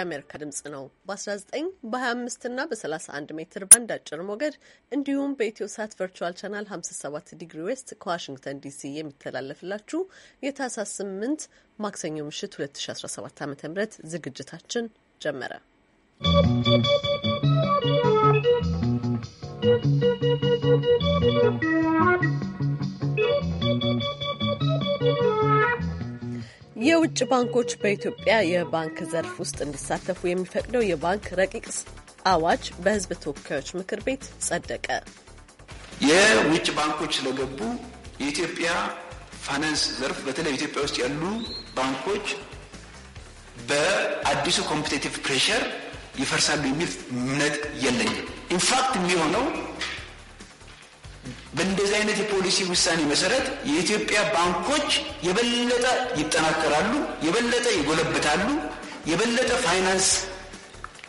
የአሜሪካ ድምጽ ነው። በ19 በ25 እና በ31 ሜትር ባንድ አጭር ሞገድ እንዲሁም በኢትዮ ሳት ቨርቹዋል ቻናል 57 ዲግሪ ዌስት ከዋሽንግተን ዲሲ የሚተላለፍላችሁ የታህሳስ 8 ማክሰኞ ምሽት 2017 ዓ ም ዝግጅታችን ጀመረ። ¶¶ የውጭ ባንኮች በኢትዮጵያ የባንክ ዘርፍ ውስጥ እንዲሳተፉ የሚፈቅደው የባንክ ረቂቅ አዋጅ በሕዝብ ተወካዮች ምክር ቤት ጸደቀ። የውጭ ባንኮች ስለገቡ የኢትዮጵያ ፋይናንስ ዘርፍ በተለይ ኢትዮጵያ ውስጥ ያሉ ባንኮች በአዲሱ ኮምፒቴቲቭ ፕሬሸር ይፈርሳሉ የሚል እምነት የለኝም። ኢንፋክት የሚሆነው በእንደዚህ አይነት የፖሊሲ ውሳኔ መሰረት የኢትዮጵያ ባንኮች የበለጠ ይጠናከራሉ፣ የበለጠ ይጎለብታሉ፣ የበለጠ ፋይናንስ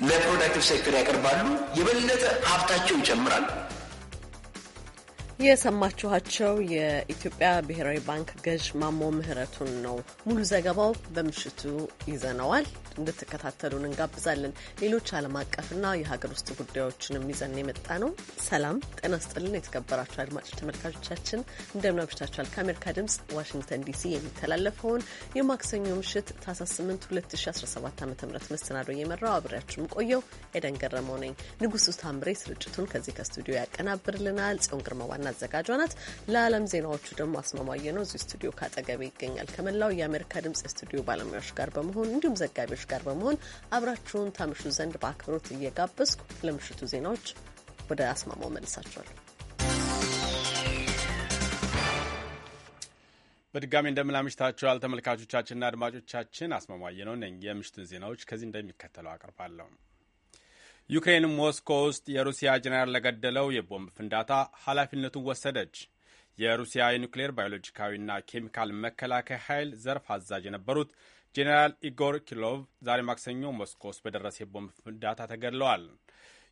ለፕሮዳክቲቭ ሴክተር ያቀርባሉ፣ የበለጠ ሀብታቸው ይጨምራል። የሰማችኋቸው የኢትዮጵያ ብሔራዊ ባንክ ገዥ ማሞ ምህረቱን ነው። ሙሉ ዘገባው በምሽቱ ይዘነዋል። እንድትከታተሉን እንጋብዛለን። ሌሎች ዓለም አቀፍና የሀገር ውስጥ ጉዳዮችንም ይዘን የመጣ ነው። ሰላም ጤና ስጥልን። የተከበራችሁ አድማጮች ተመልካቾቻችን እንደምን አምሽታችኋል? ከአሜሪካ ድምጽ ዋሽንግተን ዲሲ የሚተላለፈውን የማክሰኞ ምሽት ታህሳስ 8 2017 ዓ ም መሰናዶ እየመራው አብሬያችሁም ቆየው ኤደን ገረመው ነኝ። ንጉሱ ታምሬ ስርጭቱን ከዚህ ከስቱዲዮ ያቀናብርልናል። ጽዮን ግርማ ዋና አዘጋጇ ናት። ለዓለም ዜናዎቹ ደግሞ አስማማየ ነው። እዚህ ስቱዲዮ ካጠገቤ ይገኛል። ከመላው የአሜሪካ ድምጽ የስቱዲዮ ባለሙያዎች ጋር በመሆን እንዲሁም ዘጋቢዎች ባልደረቦች ጋር በመሆን አብራችሁን ታምሹ ዘንድ በአክብሮት እየጋበዝኩ ለምሽቱ ዜናዎች ወደ አስማማው መልሳቸዋለሁ። በድጋሚ እንደምናምሽታችኋል ተመልካቾቻችንና አድማጮቻችን። አስማማየ ነው ነኝ። የምሽቱን ዜናዎች ከዚህ እንደሚከተለው አቀርባለሁ። ዩክሬን ሞስኮ ውስጥ የሩሲያ ጄኔራል ለገደለው የቦምብ ፍንዳታ ኃላፊነቱን ወሰደች። የሩሲያ የኒውክሌር ባዮሎጂካዊና ኬሚካል መከላከያ ኃይል ዘርፍ አዛዥ የነበሩት ጄኔራል ኢጎር ኪሎቭ ዛሬ ማክሰኞ ሞስኮ ውስጥ በደረሰ የቦምብ ፍንዳታ ተገድለዋል።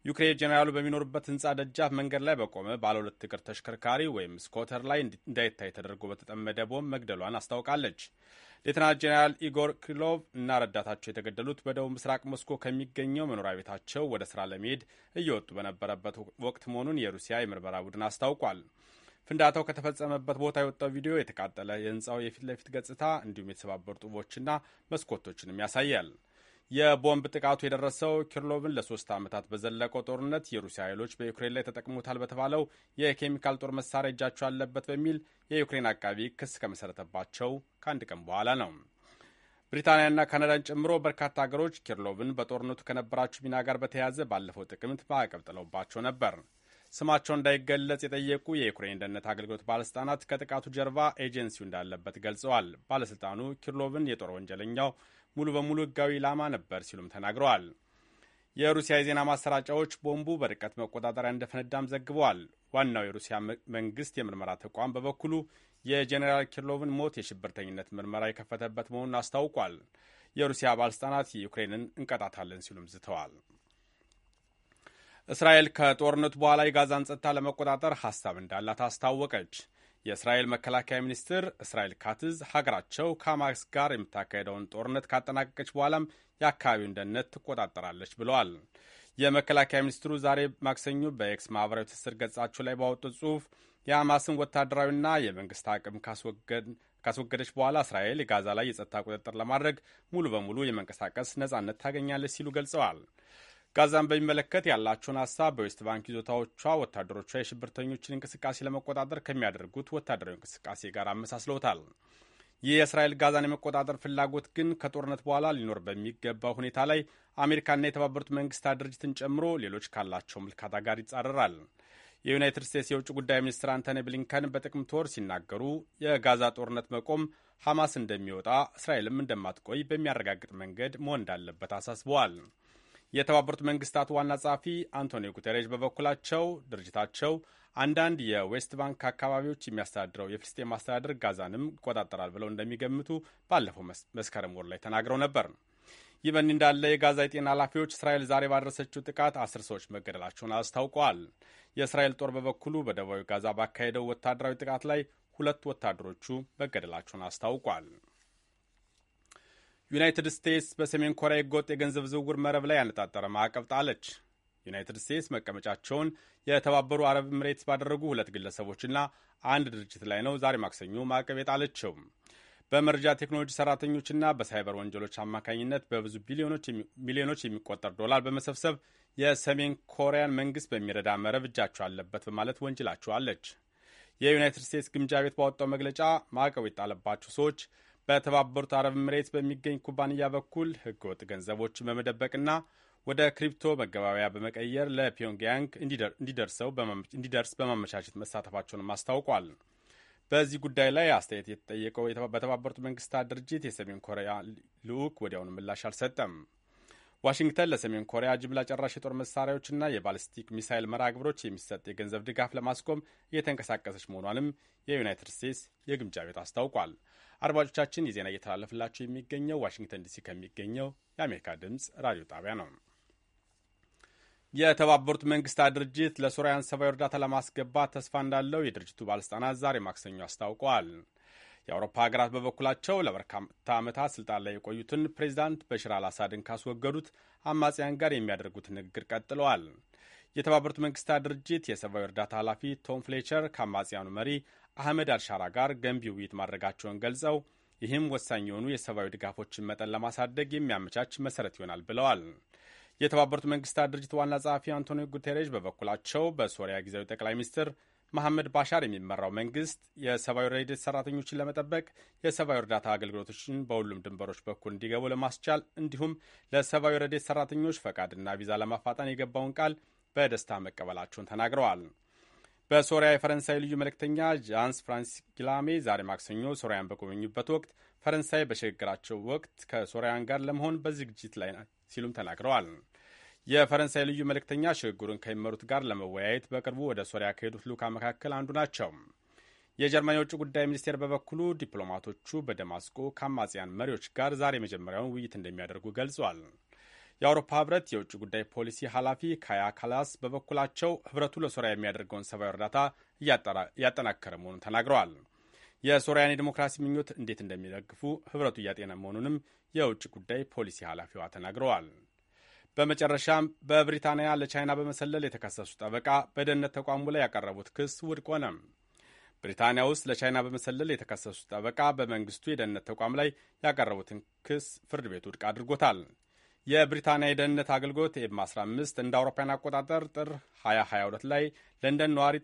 ዩክሬን ጄኔራሉ በሚኖሩበት ህንፃ ደጃፍ መንገድ ላይ በቆመ ባለ ሁለት እግር ተሽከርካሪ ወይም ስኮተር ላይ እንዳይታይ ተደርጎ በተጠመደ ቦምብ መግደሏን አስታውቃለች። ሌተናንት ጄኔራል ኢጎር ኪሎቭ እና ረዳታቸው የተገደሉት በደቡብ ምስራቅ ሞስኮ ከሚገኘው መኖሪያ ቤታቸው ወደ ስራ ለመሄድ እየወጡ በነበረበት ወቅት መሆኑን የሩሲያ የምርመራ ቡድን አስታውቋል። ፍንዳታው ከተፈጸመበት ቦታ የወጣው ቪዲዮ የተቃጠለ የህንፃው የፊት ለፊት ገጽታ እንዲሁም የተሰባበሩ ጡቦችና መስኮቶችንም ያሳያል። የቦምብ ጥቃቱ የደረሰው ኪርሎቭን ለሶስት ዓመታት በዘለቀው ጦርነት የሩሲያ ኃይሎች በዩክሬን ላይ ተጠቅሞታል በተባለው የኬሚካል ጦር መሳሪያ እጃቸው አለበት በሚል የዩክሬን አቃቢ ክስ ከመሰረተባቸው ከአንድ ቀን በኋላ ነው። ብሪታንያና ካናዳን ጨምሮ በርካታ ሀገሮች ኪርሎቭን በጦርነቱ ከነበራቸው ሚና ጋር በተያያዘ ባለፈው ጥቅምት ማዕቀብ ጥለውባቸው ነበር። ስማቸው እንዳይገለጽ የጠየቁ የዩክሬን ደህንነት አገልግሎት ባለስልጣናት ከጥቃቱ ጀርባ ኤጀንሲው እንዳለበት ገልጸዋል። ባለስልጣኑ ኪርሎቭን የጦር ወንጀለኛው ሙሉ በሙሉ ሕጋዊ ኢላማ ነበር ሲሉም ተናግረዋል። የሩሲያ የዜና ማሰራጫዎች ቦምቡ በርቀት መቆጣጠሪያ እንደፈነዳም ዘግበዋል። ዋናው የሩሲያ መንግስት የምርመራ ተቋም በበኩሉ የጄኔራል ኪርሎቭን ሞት የሽብርተኝነት ምርመራ የከፈተበት መሆኑን አስታውቋል። የሩሲያ ባለስልጣናት የዩክሬንን እንቀጣታለን ሲሉም ዝተዋል። እስራኤል ከጦርነቱ በኋላ የጋዛን ጸጥታ ለመቆጣጠር ሀሳብ እንዳላት አስታወቀች። የእስራኤል መከላከያ ሚኒስትር እስራኤል ካትዝ ሀገራቸው ከሐማስ ጋር የምታካሄደውን ጦርነት ካጠናቀቀች በኋላም የአካባቢውን ደህንነት ትቆጣጠራለች ብለዋል። የመከላከያ ሚኒስትሩ ዛሬ ማክሰኞ በኤክስ ማህበራዊ ትስስር ገጻቸው ላይ ባወጡት ጽሑፍ የሐማስን ወታደራዊና የመንግስት አቅም ካስወገደች በኋላ እስራኤል ጋዛ ላይ የጸጥታ ቁጥጥር ለማድረግ ሙሉ በሙሉ የመንቀሳቀስ ነጻነት ታገኛለች ሲሉ ገልጸዋል። ጋዛን በሚመለከት ያላቸውን ሀሳብ በዌስት ባንክ ይዞታዎቿ ወታደሮቿ የሽብርተኞችን እንቅስቃሴ ለመቆጣጠር ከሚያደርጉት ወታደራዊ እንቅስቃሴ ጋር አመሳስለውታል። ይህ የእስራኤል ጋዛን የመቆጣጠር ፍላጎት ግን ከጦርነት በኋላ ሊኖር በሚገባው ሁኔታ ላይ አሜሪካና የተባበሩት መንግስታት ድርጅትን ጨምሮ ሌሎች ካላቸው ምልካታ ጋር ይጻረራል። የዩናይትድ ስቴትስ የውጭ ጉዳይ ሚኒስትር አንቶኒ ብሊንከን በጥቅምት ወር ሲናገሩ የጋዛ ጦርነት መቆም ሐማስ እንደሚወጣ እስራኤልም እንደማትቆይ በሚያረጋግጥ መንገድ መሆን እንዳለበት አሳስበዋል። የተባበሩት መንግስታት ዋና ጸሐፊ አንቶኒዮ ጉተሬሽ በበኩላቸው ድርጅታቸው አንዳንድ የዌስት ባንክ አካባቢዎች የሚያስተዳድረው የፍልስጤም አስተዳደር ጋዛንም ይቆጣጠራል ብለው እንደሚገምቱ ባለፈው መስከረም ወር ላይ ተናግረው ነበር። ይህ በእንዲህ እንዳለ የጋዛ የጤና ኃላፊዎች እስራኤል ዛሬ ባደረሰችው ጥቃት አስር ሰዎች መገደላቸውን አስታውቀዋል። የእስራኤል ጦር በበኩሉ በደቡባዊ ጋዛ ባካሄደው ወታደራዊ ጥቃት ላይ ሁለት ወታደሮቹ መገደላቸውን አስታውቋል። ዩናይትድ ስቴትስ በሰሜን ኮሪያ ህገወጥ የገንዘብ ዝውውር መረብ ላይ ያነጣጠረ ማዕቀብ ጣለች። ዩናይትድ ስቴትስ መቀመጫቸውን የተባበሩ አረብ ኤምሬትስ ባደረጉ ሁለት ግለሰቦችና አንድ ድርጅት ላይ ነው ዛሬ ማክሰኞ ማዕቀብ የጣለችው። በመረጃ ቴክኖሎጂ ሰራተኞችና በሳይበር ወንጀሎች አማካኝነት በብዙ ሚሊዮኖች የሚቆጠር ዶላር በመሰብሰብ የሰሜን ኮሪያን መንግስት በሚረዳ መረብ እጃቸው አለበት በማለት ወንጅላቸዋለች። የዩናይትድ ስቴትስ ግምጃ ቤት ባወጣው መግለጫ ማዕቀቡ የጣለባቸው ሰዎች በተባበሩት አረብ ኤምሬት በሚገኝ ኩባንያ በኩል ህገወጥ ገንዘቦችን በመደበቅና ወደ ክሪፕቶ መገባበያ በመቀየር ለፒዮንግያንግ እንዲደርስ በማመቻቸት መሳተፋቸውንም አስታውቋል። በዚህ ጉዳይ ላይ አስተያየት የተጠየቀው በተባበሩት መንግስታት ድርጅት የሰሜን ኮሪያ ልዑክ ወዲያውኑ ምላሽ አልሰጠም። ዋሽንግተን ለሰሜን ኮሪያ ጅምላ ጨራሽ የጦር መሳሪያዎችና የባሊስቲክ ሚሳይል መርሃ ግብሮች የሚሰጥ የገንዘብ ድጋፍ ለማስቆም እየተንቀሳቀሰች መሆኗንም የዩናይትድ ስቴትስ የግምጃ ቤት አስታውቋል። አድማጮቻችን የዜና እየተላለፈላቸው የሚገኘው ዋሽንግተን ዲሲ ከሚገኘው የአሜሪካ ድምፅ ራዲዮ ጣቢያ ነው። የተባበሩት መንግስታት ድርጅት ለሶሪያን ሰብአዊ እርዳታ ለማስገባት ተስፋ እንዳለው የድርጅቱ ባለሥልጣናት ዛሬ ማክሰኞ አስታውቀዋል። የአውሮፓ ሀገራት በበኩላቸው ለበርካታ ዓመታት ስልጣን ላይ የቆዩትን ፕሬዚዳንት በሽር አልአሳድን ካስወገዱት አማጽያን ጋር የሚያደርጉት ንግግር ቀጥለዋል። የተባበሩት መንግስታት ድርጅት የሰብአዊ እርዳታ ኃላፊ ቶም ፍሌቸር ከአማጽያኑ መሪ አህመድ አልሻራ ጋር ገንቢ ውይይት ማድረጋቸውን ገልጸው ይህም ወሳኝ የሆኑ የሰብአዊ ድጋፎችን መጠን ለማሳደግ የሚያመቻች መሰረት ይሆናል ብለዋል። የተባበሩት መንግስታት ድርጅት ዋና ጸሐፊ አንቶኒዮ ጉቴሬሽ በበኩላቸው በሶሪያ ጊዜያዊ ጠቅላይ ሚኒስትር መሐመድ ባሻር የሚመራው መንግስት የሰብአዊ ረድኤት ሰራተኞችን ለመጠበቅ የሰብአዊ እርዳታ አገልግሎቶችን በሁሉም ድንበሮች በኩል እንዲገቡ ለማስቻል እንዲሁም ለሰብአዊ ረድኤት ሰራተኞች ፈቃድና ቪዛ ለማፋጠን የገባውን ቃል በደስታ መቀበላቸውን ተናግረዋል። በሶሪያ የፈረንሳይ ልዩ መልእክተኛ ጃንስ ፍራንስ ጊላሜ ዛሬ ማክሰኞ ሶሪያን በጎበኙበት ወቅት ፈረንሳይ በሽግግራቸው ወቅት ከሶሪያን ጋር ለመሆን በዝግጅት ላይ ሲሉም ተናግረዋል። የፈረንሳይ ልዩ መልእክተኛ ሽግግሩን ከሚመሩት ጋር ለመወያየት በቅርቡ ወደ ሶሪያ ከሄዱት ልዑካን መካከል አንዱ ናቸው። የጀርመን የውጭ ጉዳይ ሚኒስቴር በበኩሉ ዲፕሎማቶቹ በደማስቆ ከአማጽያን መሪዎች ጋር ዛሬ መጀመሪያውን ውይይት እንደሚያደርጉ ገልጿል። የአውሮፓ ህብረት የውጭ ጉዳይ ፖሊሲ ኃላፊ ካያ ካላስ በበኩላቸው ህብረቱ ለሶሪያ የሚያደርገውን ሰብአዊ እርዳታ እያጠናከረ መሆኑን ተናግረዋል። የሶሪያን የዲሞክራሲ ምኞት እንዴት እንደሚደግፉ ህብረቱ እያጤነ መሆኑንም የውጭ ጉዳይ ፖሊሲ ኃላፊዋ ተናግረዋል። በመጨረሻም በብሪታንያ ለቻይና በመሰለል የተከሰሱ ጠበቃ በደህንነት ተቋሙ ላይ ያቀረቡት ክስ ውድቅ ሆነ። ብሪታንያ ውስጥ ለቻይና በመሰለል የተከሰሱ ጠበቃ በመንግስቱ የደህንነት ተቋም ላይ ያቀረቡትን ክስ ፍርድ ቤት ውድቅ አድርጎታል። የብሪታንያ የደህንነት አገልግሎት ኤም 15 እንደ አውሮፓውያን አቆጣጠር ጥር 2022 ላይ ለንደን ነዋሪ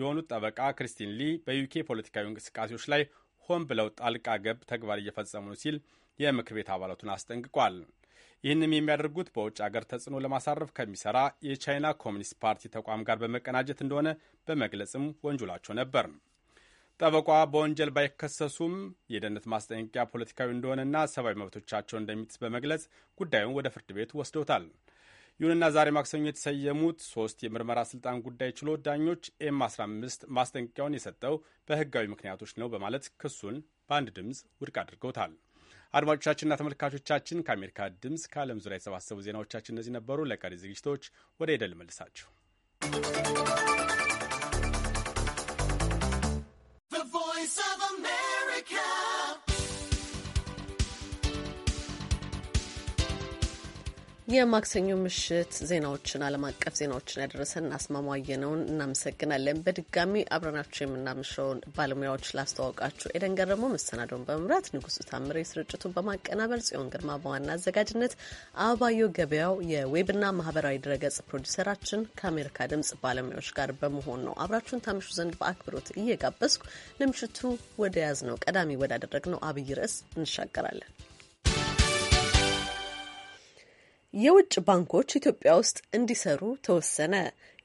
የሆኑት ጠበቃ ክሪስቲን ሊ በዩኬ ፖለቲካዊ እንቅስቃሴዎች ላይ ሆን ብለው ጣልቃ ገብ ተግባር እየፈጸሙ ነው ሲል የምክር ቤት አባላቱን አስጠንቅቋል። ይህንም የሚያደርጉት በውጭ አገር ተጽዕኖ ለማሳረፍ ከሚሰራ የቻይና ኮሚኒስት ፓርቲ ተቋም ጋር በመቀናጀት እንደሆነ በመግለጽም ወንጅላቸው ነበር። ጠበቋ በወንጀል ባይከሰሱም የደህንነት ማስጠንቀቂያ ፖለቲካዊ እንደሆነና ሰብአዊ መብቶቻቸውን እንደሚጥስ በመግለጽ ጉዳዩን ወደ ፍርድ ቤት ወስደውታል። ይሁንና ዛሬ ማክሰኞ የተሰየሙት ሶስት የምርመራ ስልጣን ጉዳይ ችሎት ዳኞች ኤም 15 ማስጠንቀቂያውን የሰጠው በህጋዊ ምክንያቶች ነው በማለት ክሱን በአንድ ድምፅ ውድቅ አድርገውታል። አድማጮቻችንና ተመልካቾቻችን ከአሜሪካ ድምፅ ከዓለም ዙሪያ የተሰባሰቡ ዜናዎቻችን እነዚህ ነበሩ። ለቀሪ ዝግጅቶች ወደ ሄደ ልመልሳችሁ። የማክሰኞ ምሽት ዜናዎችን ዓለም አቀፍ ዜናዎችን ያደረሰን አስማማየ ነውን እናመሰግናለን። በድጋሚ አብረናቸው የምናምሸውን ባለሙያዎች ላስተዋውቃችሁ። ኤደን ገረሞ መሰናዶውን በመምራት ንጉሱ ታምሬ ስርጭቱን በማቀናበር ጽዮን ግርማ በዋና አዘጋጅነት አበባዮ ገበያው የዌብና ማህበራዊ ድረገጽ ፕሮዲሰራችን ከአሜሪካ ድምጽ ባለሙያዎች ጋር በመሆን ነው። አብራችሁን ታምሹ ዘንድ በአክብሮት እየጋበዝኩ ለምሽቱ ወደ ያዝ ነው ቀዳሚ ወዳደረግ ነው አብይ ርዕስ እንሻገራለን። የውጭ ባንኮች ኢትዮጵያ ውስጥ እንዲሰሩ ተወሰነ።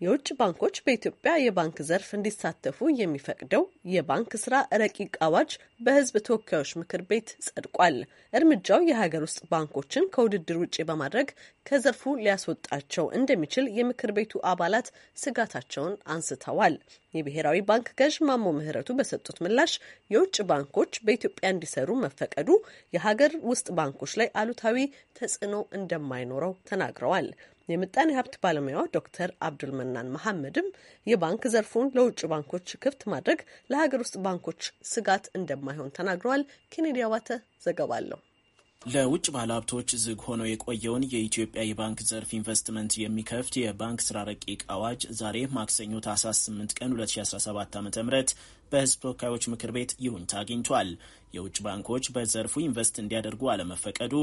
የውጭ ባንኮች በኢትዮጵያ የባንክ ዘርፍ እንዲሳተፉ የሚፈቅደው የባንክ ስራ ረቂቅ አዋጅ በህዝብ ተወካዮች ምክር ቤት ጸድቋል። እርምጃው የሀገር ውስጥ ባንኮችን ከውድድር ውጭ በማድረግ ከዘርፉ ሊያስወጣቸው እንደሚችል የምክር ቤቱ አባላት ስጋታቸውን አንስተዋል። የብሔራዊ ባንክ ገዥ ማሞ ምህረቱ በሰጡት ምላሽ የውጭ ባንኮች በኢትዮጵያ እንዲሰሩ መፈቀዱ የሀገር ውስጥ ባንኮች ላይ አሉታዊ ተጽዕኖ እንደማይኖረው ተናግረዋል። የምጣኔ ሀብት ባለሙያው ዶክተር አብዱል መናን መሐመድም የባንክ ዘርፉን ለውጭ ባንኮች ክፍት ማድረግ ለሀገር ውስጥ ባንኮች ስጋት እንደማይሆን ተናግረዋል። ኬኔዲ አባተ ዘገባ አለው። ለውጭ ባለሀብቶች ዝግ ሆኖ የቆየውን የኢትዮጵያ የባንክ ዘርፍ ኢንቨስትመንት የሚከፍት የባንክ ስራ ረቂቅ አዋጅ ዛሬ ማክሰኞ ታህሳስ 8 ቀን 2017 ዓ ም በህዝብ ተወካዮች ምክር ቤት ይሁንታ አግኝቷል። የውጭ ባንኮች በዘርፉ ኢንቨስት እንዲያደርጉ አለመፈቀዱ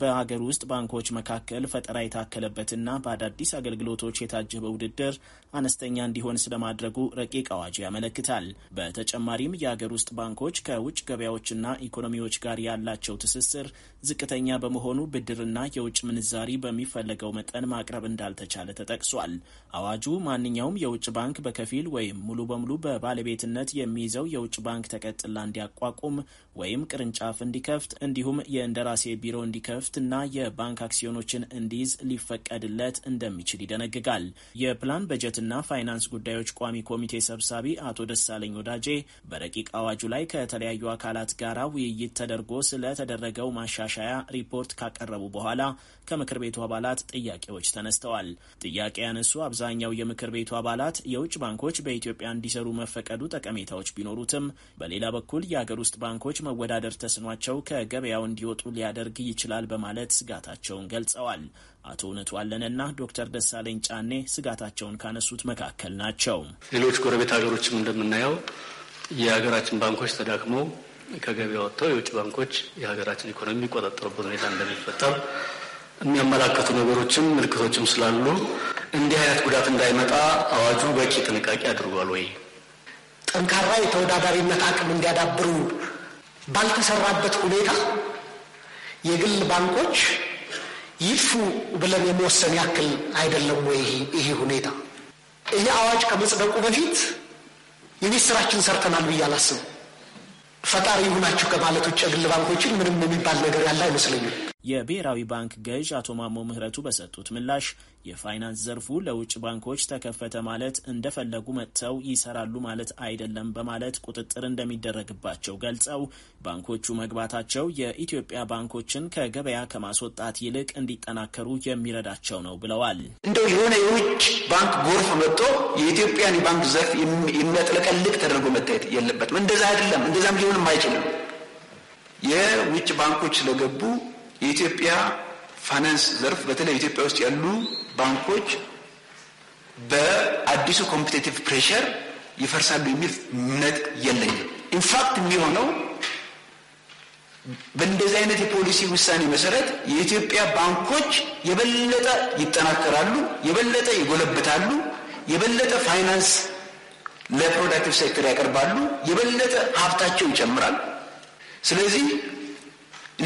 በሀገር ውስጥ ባንኮች መካከል ፈጠራ የታከለበትና በአዳዲስ አገልግሎቶች የታጀበ ውድድር አነስተኛ እንዲሆን ስለማድረጉ ረቂቅ አዋጅ ያመለክታል። በተጨማሪም የሀገር ውስጥ ባንኮች ከውጭ ገበያዎችና ኢኮኖሚዎች ጋር ያላቸው ትስስር ዝቅተኛ በመሆኑ ብድርና የውጭ ምንዛሪ በሚፈለገው መጠን ማቅረብ እንዳልተቻለ ተጠቅሷል። አዋጁ ማንኛውም የውጭ ባንክ በከፊል ወይም ሙሉ በሙሉ በባለቤትነት የሚ የሚይዘው የውጭ ባንክ ተቀጥላ እንዲያቋቁም ወይም ቅርንጫፍ እንዲከፍት እንዲሁም የእንደራሴ ቢሮ እንዲከፍት እና የባንክ አክሲዮኖችን እንዲይዝ ሊፈቀድለት እንደሚችል ይደነግጋል። የፕላን በጀትና ፋይናንስ ጉዳዮች ቋሚ ኮሚቴ ሰብሳቢ አቶ ደሳለኝ ወዳጄ በረቂቅ አዋጁ ላይ ከተለያዩ አካላት ጋር ውይይት ተደርጎ ስለተደረገው ማሻሻያ ሪፖርት ካቀረቡ በኋላ ከምክር ቤቱ አባላት ጥያቄዎች ተነስተዋል። ጥያቄ ያነሱ አብዛኛው የምክር ቤቱ አባላት የውጭ ባንኮች በኢትዮጵያ እንዲሰሩ መፈቀዱ ጠቀሜታዎች ባንኮች ቢኖሩትም በሌላ በኩል የአገር ውስጥ ባንኮች መወዳደር ተስኗቸው ከገበያው እንዲወጡ ሊያደርግ ይችላል በማለት ስጋታቸውን ገልጸዋል። አቶ እውነቱ አለነና ዶክተር ደሳለኝ ጫኔ ስጋታቸውን ካነሱት መካከል ናቸው። ሌሎች ጎረቤት ሀገሮችም እንደምናየው የሀገራችን ባንኮች ተዳክመው ከገበያ ወጥተው የውጭ ባንኮች የሀገራችን ኢኮኖሚ የሚቆጣጠሩበት ሁኔታ እንደሚፈጠር የሚያመላክቱ ነገሮችም ምልክቶችም ስላሉ እንዲህ አይነት ጉዳት እንዳይመጣ አዋጁ በቂ ጥንቃቄ አድርጓል ወይ ጠንካራ የተወዳዳሪነት አቅም እንዲያዳብሩ ባልተሰራበት ሁኔታ የግል ባንኮች ይፉ ብለን የመወሰን ያክል አይደለም ወይ? ይሄ ሁኔታ ይህ አዋጅ ከመጽደቁ በፊት የቤት ስራችን ሰርተናል ብዬ አላስብም። ፈጣሪ ይሁናችሁ ከማለት ውጭ የግል ባንኮችን ምንም የሚባል ነገር ያለ አይመስለኝም። የብሔራዊ ባንክ ገዥ አቶ ማሞ ምህረቱ በሰጡት ምላሽ የፋይናንስ ዘርፉ ለውጭ ባንኮች ተከፈተ ማለት እንደፈለጉ መጥተው ይሰራሉ ማለት አይደለም በማለት ቁጥጥር እንደሚደረግባቸው ገልጸው ባንኮቹ መግባታቸው የኢትዮጵያ ባንኮችን ከገበያ ከማስወጣት ይልቅ እንዲጠናከሩ የሚረዳቸው ነው ብለዋል። እንደው የሆነ የውጭ ባንክ ጎርፍ መጥቶ የኢትዮጵያን የባንክ ዘርፍ የሚያጥለቀልቅ ተደርጎ መታየት የለበትም። እንደዛ አይደለም፣ እንደዛም ሊሆንም አይችልም። የውጭ ባንኮች ስለገቡ የኢትዮጵያ ፋይናንስ ዘርፍ በተለይ ኢትዮጵያ ውስጥ ያሉ ባንኮች በአዲሱ ኮምፒቴቲቭ ፕሬሸር ይፈርሳሉ የሚል እምነት የለኝም። ኢንፋክት የሚሆነው በእንደዚህ አይነት የፖሊሲ ውሳኔ መሰረት የኢትዮጵያ ባንኮች የበለጠ ይጠናከራሉ፣ የበለጠ ይጎለብታሉ፣ የበለጠ ፋይናንስ ለፕሮዳክቲቭ ሴክተር ያቀርባሉ፣ የበለጠ ሀብታቸው ይጨምራል። ስለዚህ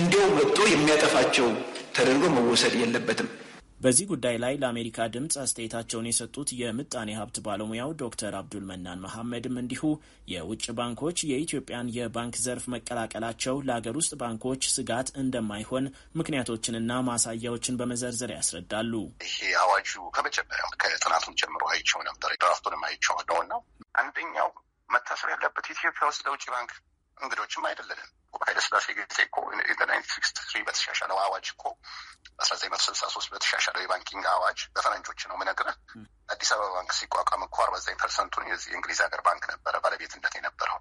እንዲያው መጥቶ የሚያጠፋቸው ተደርጎ መወሰድ የለበትም። በዚህ ጉዳይ ላይ ለአሜሪካ ድምፅ አስተያየታቸውን የሰጡት የምጣኔ ሀብት ባለሙያው ዶክተር አብዱል መናን መሐመድም እንዲሁ የውጭ ባንኮች የኢትዮጵያን የባንክ ዘርፍ መቀላቀላቸው ለአገር ውስጥ ባንኮች ስጋት እንደማይሆን ምክንያቶችንና ማሳያዎችን በመዘርዘር ያስረዳሉ። ይሄ አዋጁ ከመጀመሪያም ከጥናቱን ጀምሮ አይቼው ነበር፣ ድራፍቱንም አይቼዋለሁ እና አንደኛው መታሰብ ያለበት ኢትዮጵያ ውስጥ ለውጭ ባንክ እንግዶችም አይደለንም ኃይለስላሴ ጊዜ እኮ በተሻሻለው አዋጅ እኮ አስራ ዘጠኝ መቶ ስልሳ ሶስት በተሻሻለው የባንኪንግ አዋጅ በፈረንጆች ነው የምነግርህ። አዲስ አበባ ባንክ ሲቋቋም እኮ አርባ ዘጠኝ ፐርሰንቱን የዚህ እንግሊዝ ሀገር ባንክ ነበረ ባለቤትነት የነበረው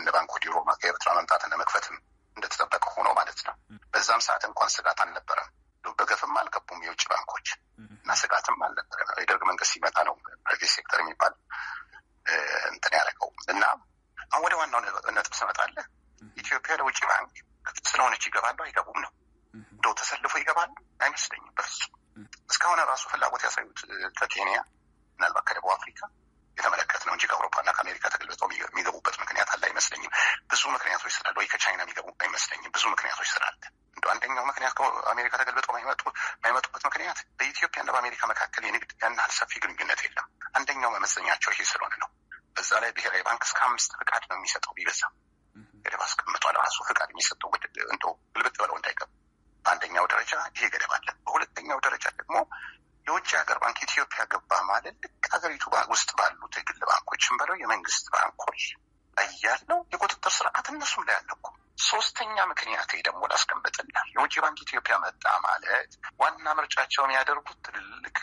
እንደ ባንክ ወዲ ሮማ ከኤርትራ መምጣትና መክፈትም እንደተጠበቀ ሆኖ ማለት ነው። በዛም ሰዓት እንኳን ስጋት አልነበረም። በገፍም አልገቡም የውጭ ባንኮች እና ስጋትም አልነበረም። የደርግ መንግስት ሲመጣ ነው ፕራይቬት ሴክተር የሚባል እንትን ያደረገው እና አሁን ወደ ዋናው ነጥብ ስመጣለህ ኢትዮጵያ ለውጭ ባንክ ስለሆነች ይገባሉ አይገቡም ነው እንደው ተሰልፎ ይገባሉ አይመስለኝም በፍጹም። እስካሁን ራሱ ፍላጎት ያሳዩት ከኬንያ ምናልባት ከደቡብ አፍሪካ የተመለከት ነው እንጂ ከአውሮፓና ከአሜሪካ ተገልብጠው የሚገቡበት ምክንያት አለ አይመስለኝም። ብዙ ምክንያቶች ስላለ ወይ ከቻይና የሚገቡ አይመስለኝም። ብዙ ምክንያቶች ስላለ እንደ አንደኛው ምክንያት ከአሜሪካ ተገልብጠው የማይመጡበት ምክንያት በኢትዮጵያና በአሜሪካ መካከል የንግድ ያናህል ሰፊ ግንኙነት የለም። አንደኛው መመዘኛቸው ይሄ ስለሆነ ነው። በዛ ላይ ብሔራዊ ባንክ እስከ አምስት ፍቃድ ነው የሚሰጠው ቢበዛም ገደብ አስቀምጧል። ራሱ ፈቃድ የሚሰጠው እንደ ግልብጥ በለው እንዳይቀር በአንደኛው ደረጃ ይሄ ገደብ አለ። በሁለተኛው ደረጃ ደግሞ የውጭ ሀገር ባንክ ኢትዮጵያ ገባ ማለት ልክ ሀገሪቱ ውስጥ ባሉት የግል ባንኮችን በለው የመንግስት ባንኮች ላይ ያለው የቁጥጥር ስርዓት እነሱም ላይ አለ እኮ። ሶስተኛ ምክንያት ደግሞ ላስቀምጥና የውጭ ባንክ ኢትዮጵያ መጣ ማለት ዋና ምርጫቸው የሚያደርጉት ትልልቅ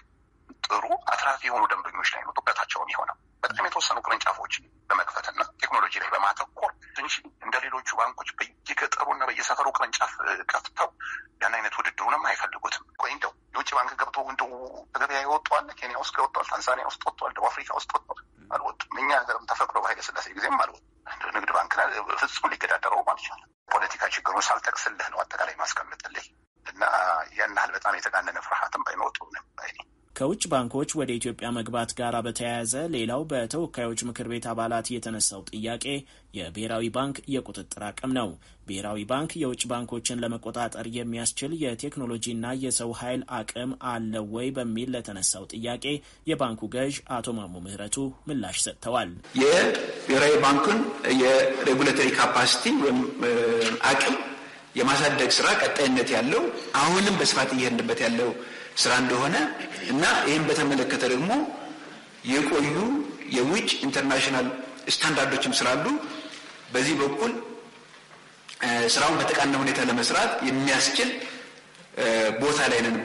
ጥሩ አትራፊ የሆኑ ደንበኞች ላይ ነው ትኩረታቸውም የሆነው በጣም የተወሰኑ ቅርንጫፎችን በመክፈትና ቴክኖሎጂ ላይ በማተኮር እንጂ እንደ ሌሎቹ ባንኮች በየገጠሩ በየገጠሩና በየሰፈሩ ቅርንጫፍ ከፍተው ያን አይነት ውድድሩንም አይፈልጉትም። ወይ እንደው የውጭ ባንክ ገብቶ እንደው ገበያ ይወጧል። ኬንያ ውስጥ ወጥቷል፣ ታንዛኒያ ውስጥ ወጥቷል፣ ደቡብ አፍሪካ ውስጥ ባንኮች ወደ ኢትዮጵያ መግባት ጋር በተያያዘ ሌላው በተወካዮች ምክር ቤት አባላት የተነሳው ጥያቄ የብሔራዊ ባንክ የቁጥጥር አቅም ነው። ብሔራዊ ባንክ የውጭ ባንኮችን ለመቆጣጠር የሚያስችል የቴክኖሎጂና የሰው ኃይል አቅም አለው ወይ በሚል ለተነሳው ጥያቄ የባንኩ ገዥ አቶ ማሞ ምህረቱ ምላሽ ሰጥተዋል። የብሔራዊ ባንኩን የሬጉሌተሪ ካፓሲቲ ወይም አቅም የማሳደግ ስራ ቀጣይነት ያለው አሁንም በስፋት እየሄድንበት ያለው ስራ እንደሆነ እና ይህም በተመለከተ ደግሞ የቆዩ የውጭ ኢንተርናሽናል ስታንዳርዶችም ስላሉ በዚህ በኩል ስራውን በተቃና ሁኔታ ለመስራት የሚያስችል ቦታ ላይ ነን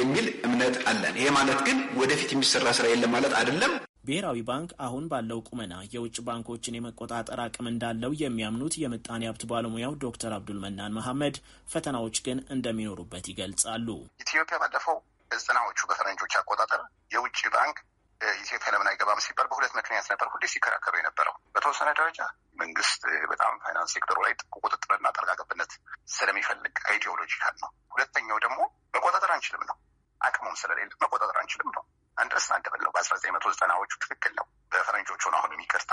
የሚል እምነት አለን። ይሄ ማለት ግን ወደፊት የሚሰራ ስራ የለም ማለት አይደለም። ብሔራዊ ባንክ አሁን ባለው ቁመና የውጭ ባንኮችን የመቆጣጠር አቅም እንዳለው የሚያምኑት የምጣኔ ሀብት ባለሙያው ዶክተር አብዱል መናን መሐመድ ፈተናዎች ግን እንደሚኖሩበት ይገልጻሉ። ኢትዮጵያ ባለፈው ዘጠናዎቹ በፈረንጆች አቆጣጠር የውጭ ባንክ ኢትዮጵያ ለምን አይገባም ሲባል በሁለት ምክንያት ነበር ሁሌ ሲከራከሩ የነበረው። በተወሰነ ደረጃ መንግስት በጣም ፋይናንስ ሴክተሩ ላይ ቁጥጥርና ጣልቃ ገብነት ስለሚፈልግ አይዲዮሎጂካል ነው። ሁለተኛው ደግሞ መቆጣጠር አንችልም ነው። አቅሙም ስለሌለ መቆጣጠር አንችልም ነው። አንድረስ ናደበለው በአስራ ዘጠኝ መቶ ዘጠናዎቹ ትክክል ነው። በፈረንጆቹ ነው። አሁንም ይቅርታ